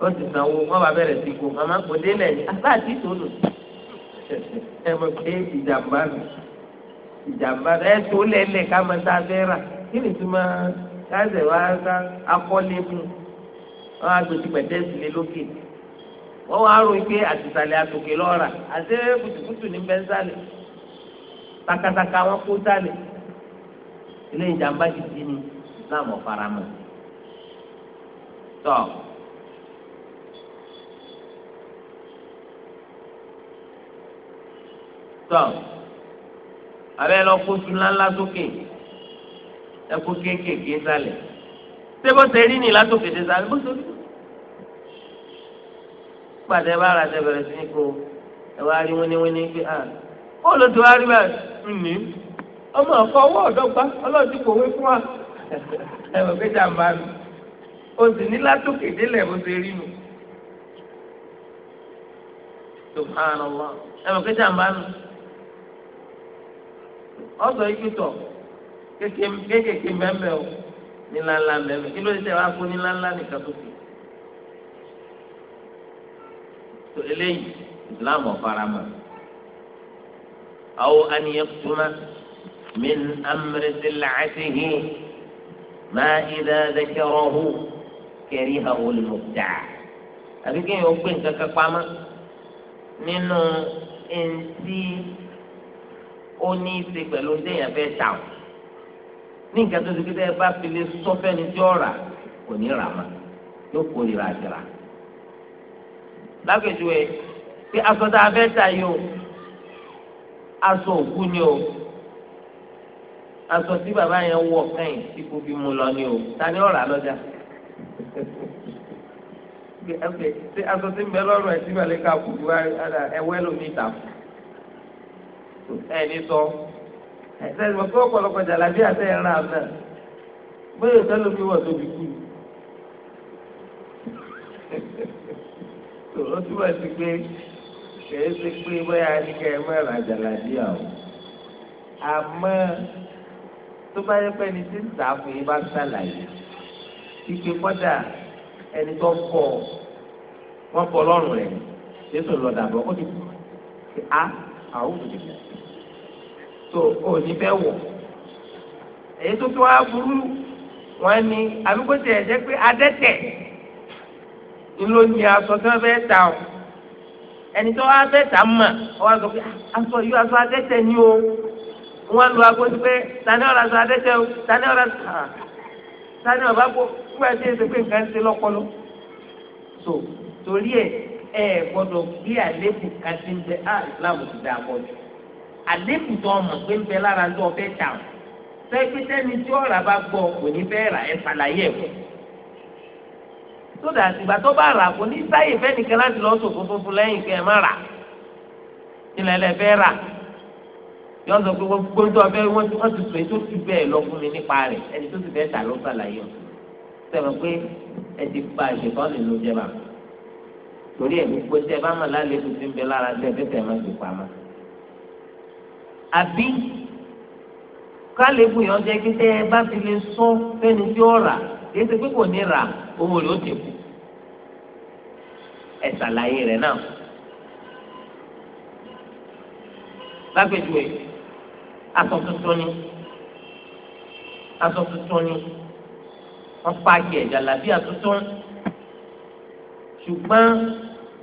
wọ́n ti sanwó wọ́n bá bẹ̀rẹ̀ sí kó màmá kò délẹ̀ ní àbá àti tòlù ẹ mọ̀ pé ìjàmbá mi ìjàmbá ẹ tó lẹ́lẹ̀ ká máa ta fẹ́ rà kí ni tí máa káṣẹ̀ wá ká akọ́lé fún wọn á gbèsè pẹ̀tẹ́sì lé lókè wọ́n wá rò pé àtìsàlẹ̀ àtòkè lọ́ra àti kùtùkùtù ní bẹ́ńsálẹ̀ takataka wọn kó sálẹ̀ ilé ìjàmbá ti di ni láwọn faramọ́ tọ́. So, tọ́ abẹ́ lọ kó tu ńláńlá sókè ẹkú kéékèèké sálẹ̀ ṣé bó ni látòkè dé sálẹ̀ bó ṣe rí pàtẹ bá ara ṣe bẹ̀rẹ̀ sí ní kó ẹ wá rí wíníwíní pé à ah, ó ló tó wá rí báyìí nì ọmọ ọkọ ọwọ́ ọ̀dọ́gba ọlọ́ọ̀dì kò wé fún wa ẹ wọ pé jàǹbá mi o sì ní látòkè délẹ̀ bó ṣe rí subhanallah ẹ wọ pé jàǹbá mi ọsọ igi tọ kékèké mẹmẹ o nílanla mẹmẹ kí ló dé tẹ wá fún nílanla nìkan tó fi tó eléyìí islam ọ̀farama awo aniyakutuma min amrẹsẹlẹ atihi máa ìdá dẹkẹrọhu kẹrí hawolmọta àbí kéèyàn ó gbé nǹkan kan pamọ́ nínú ẹntì ó ní í ṣe pẹ̀lú déèyàn fẹ́ tà ó ní nǹkan tó ti kí tẹ́lẹ̀ bá fi lè sọ́fẹ́ ni tí ó rà kò ní rà mọ́ yóò kórìíra àti rà. lágbèjú ẹ pé aṣọ tá a fẹ́ tà yìí o aṣọ òkú ni o aṣọ tí bàbá yẹn wọ kẹ́yìn tí kò fi mu lọ ni o ta ni ó rà lọ́jà ṣe aṣọ tí ń bẹ lọ́rùn ẹ̀ tí balẹ̀ ká kú ju lómi ìtàkùn ẹ̀ ní sọ ẹ̀sẹ̀ ìmọ̀ tó ọ̀pọ̀lọpọ̀ jàlábí àti ẹ̀ràn àná bóyá ìfẹ́ ló fi wọ̀ tóbi kú tòun ó túbọ̀ sí pé kèé ṣe pé bóyá ẹnikẹ́ ẹ̀ mẹ́rin àjàlábí àwọn àmọ́ tó bá yẹ pé ẹni tí ń tà fún yín bá ṣàlàyé ike kọ́dà ẹni tó kọ́ wọ́n kọ́ lọ́rùn rẹ̀ jésù lọ́dà bọ́ ó ti kú a àwọn òbí tó o ní fẹ́ wọ̀ èyí tó tó wá burú wọn ni àbíkóṣe ẹ̀jẹ̀ pé adẹ́tẹ̀ ńlọ ní aṣọ tí wọ́n fẹ́ ta o ẹni tó wá fẹ́ ta mọ̀ ọ wá sọ pé ah, aṣọ yìí aṣọ adẹ́tẹ̀ ni o wọn lu aago sí pé tani ọ̀rọ̀ aṣọ adẹ́tẹ̀ o tani ọ̀rọ̀ aṣọ ah, tani ọ̀rọ̀ bá kó fún ẹ̀ sí ẹsẹ̀ pé nǹkan ṣe lọ́pọ̀lọ́ so torí ẹ ẹ gbọ́dọ̀ bí àléébù kàdínbẹ́ á ah, ìsìlámù ti dà pọ̀ jù àlékún tó ọmọ pé ń bẹ lára ń lọ ọbẹ̀ tà ó fẹ́ pé sẹ́ni tí ọ̀rà bá gbọ́ kò ní fẹ́ rà ẹ̀ ṣàlàyé ẹ̀ fún sódà àtìgbà tó bá rà kò ní sáyè fẹ́nìkan láti lọ sòfò funfun lẹ́yìn kẹ́ ẹ má rà ìlẹ̀ lẹ fẹ́ rà yọ sọ pé gbogbo tó ọbẹ̀ wọ́n ti wọ́n ti sọ ètò ti bẹ́ẹ̀ lọ fún mi nípa rẹ̀ ẹni tó ti fẹ́ tà ló ṣàlàyé ọ̀ sẹ́wọ̀n pé ẹ ti pa ìṣèkọ́ nínú jẹba torí ẹ̀ gbogbo tẹ bá mọ̀ lálẹ́ tó bẹ lára tẹ fẹ́ tẹ̀ máa ti pa máa àbí kálíbù yẹn jẹ́ kí tẹ́ ẹ bá fi lè sún fẹ́ni tí ó rà kìí ṣe pé kò ní rà owó rẹ̀ ó ti kù ẹ ṣàlàyé rẹ̀ náà. lágbèjúwe aṣọ tuntun ni aṣọ tuntun ni wọ́n paaki ẹ̀jà làbí àtúntún ṣùgbọ́n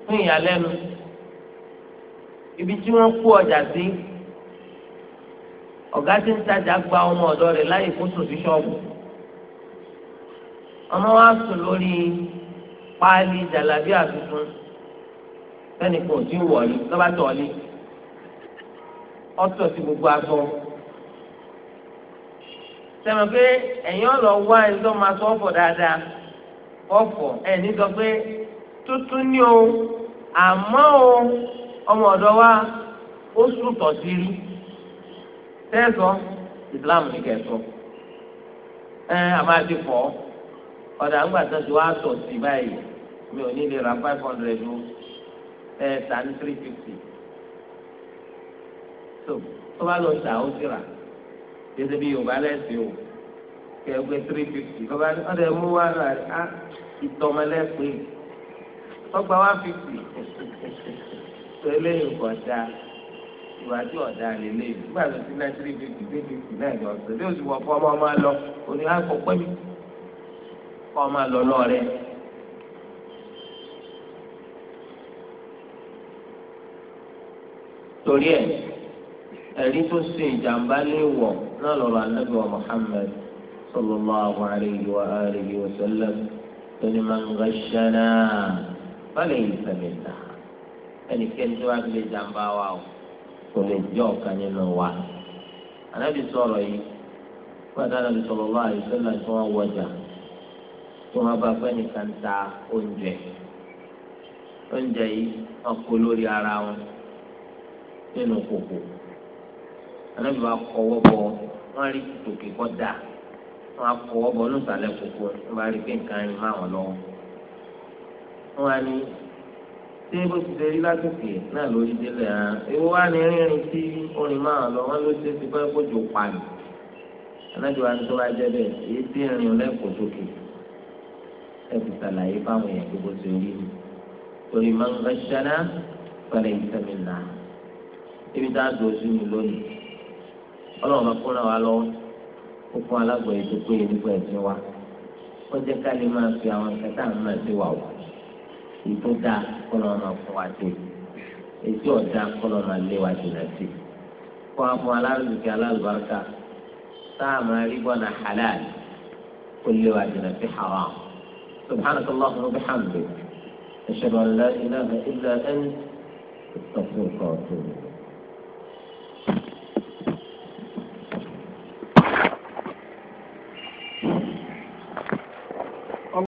fún ìyàlẹ́nu ibi tí wọ́n kó ọjà sí ọ̀gá tí ń tajà gba ọmọ ọ̀dọ́ rẹ̀ láyè kó sùn sí ṣọ́ọ̀bù ọmọ wa sùn lórí páálí jàlábíà tuntun sẹ́ni kan ò tí ń wọ̀lú lọ́ba tọ̀ọ́lé ọ̀tọ̀ sí gbogbo agbọ́ sẹ́mi pé ẹ̀yin ọ̀lọ́ wá ẹ̀dọ́ máa sọ ọ̀fọ̀ dáadáa ọ̀fọ̀ ẹ̀ní sọ pé tuntun ni o àmọ́ o ọmọ ọ̀dọ́ wa ó sùn tọ̀ sí rí tẹ́sọ̀ islam ní kẹsọ̀ ẹ àmàdé fọ́ ọ̀dà ńgbà tó ti wá sọ̀ sí báyìí mi ò ní lè ra five hundred o ẹ tà three fifty so tó bá lọ tà ó ti rà yẹtẹ bí yorùbá lẹ́sìn o kẹgbẹ́ three fifty kọ́ba ọ̀dà mú wá rà á ìtọ́mọlẹ́pẹ́ ọgbà one fifty tó eléyìí kọjá ìwájú ọ̀dà lè lè nígbà tó ti náà three fifty three fifty náà yọ ọ̀sẹ̀ bí oṣù wọ̀ fún ọmọ ọmọ lọ òní àpò pẹ́ kọ́ ọmọ lọ lọ́ọ̀rẹ́. torí ẹ ẹ̀rí tó ṣe ìjàmbá lè wọ̀ náà lọ́rọ̀ Ànábì wa Muhammad sallallahu alayhi wa alihi wa sallam tóní máa ń ghashana fálẹ̀ yìí fẹ̀mí náà ẹnikẹ́ni tó wá lè jàmbá wa o. kò lè jẹ́ ọ̀kan nínú wa anábì sọ̀rọ̀ yìí gbàdá anábì sọ̀rọ̀ lọ́wọ́ àyùsọ́lá tí wọ́n wọjà tí wọ́n bá fẹ́ nìkan ta oúnjẹ oúnjẹ yìí wọ́n kó lórí ara wọn nínú kòkò anábì bá kọ́wọ́ bọ̀ wọ́n rí tòkè kọ́ da wọ́n á bọ̀ ní ìsàlẹ̀ kòkò wọ́n bá rí pé nǹkan máa lọ́wọ́ wọ́n á ní. tí bó ti ṣe rí lásìkò náà lórí délẹ̀ hàn ewu wá ní rínrin tí orin máa lọ wọn ló ṣe ti fẹ́ kójú pani alájọ wa ní tó bá jẹ́ bẹ́ẹ̀ èyí tí rìn lẹ́kọ̀ọ́ sókè ẹ fi ṣàlàyé fáwọn èèyàn tó bó ṣe rí ni torí máa ń gbẹ́sẹ̀dá pẹ̀lẹ́ ìsẹ̀mí nà ibi tá a dùn sí mi lónìí ọlọ́run máa kó náà lọ́wọ́ ó fún alágbọ̀ọ́ ètò péye nípa ẹ̀sìn wa ó jẹ́ ká lè máa fi àwọn kẹta àmì náà wà wá ètò dáa kọlọ náà fún wa sí ètò ọ̀dà kọlọ náà lé wa jìnnà sí kó a fún alárùbíkẹ́ alárùbáríkà sáà máa rí halal kó lé wa jìnnà sí haram subhanaka allahumma wa bihamdik ashhadu an la ilaha illa anta astaghfiruka wa atubu ilayk.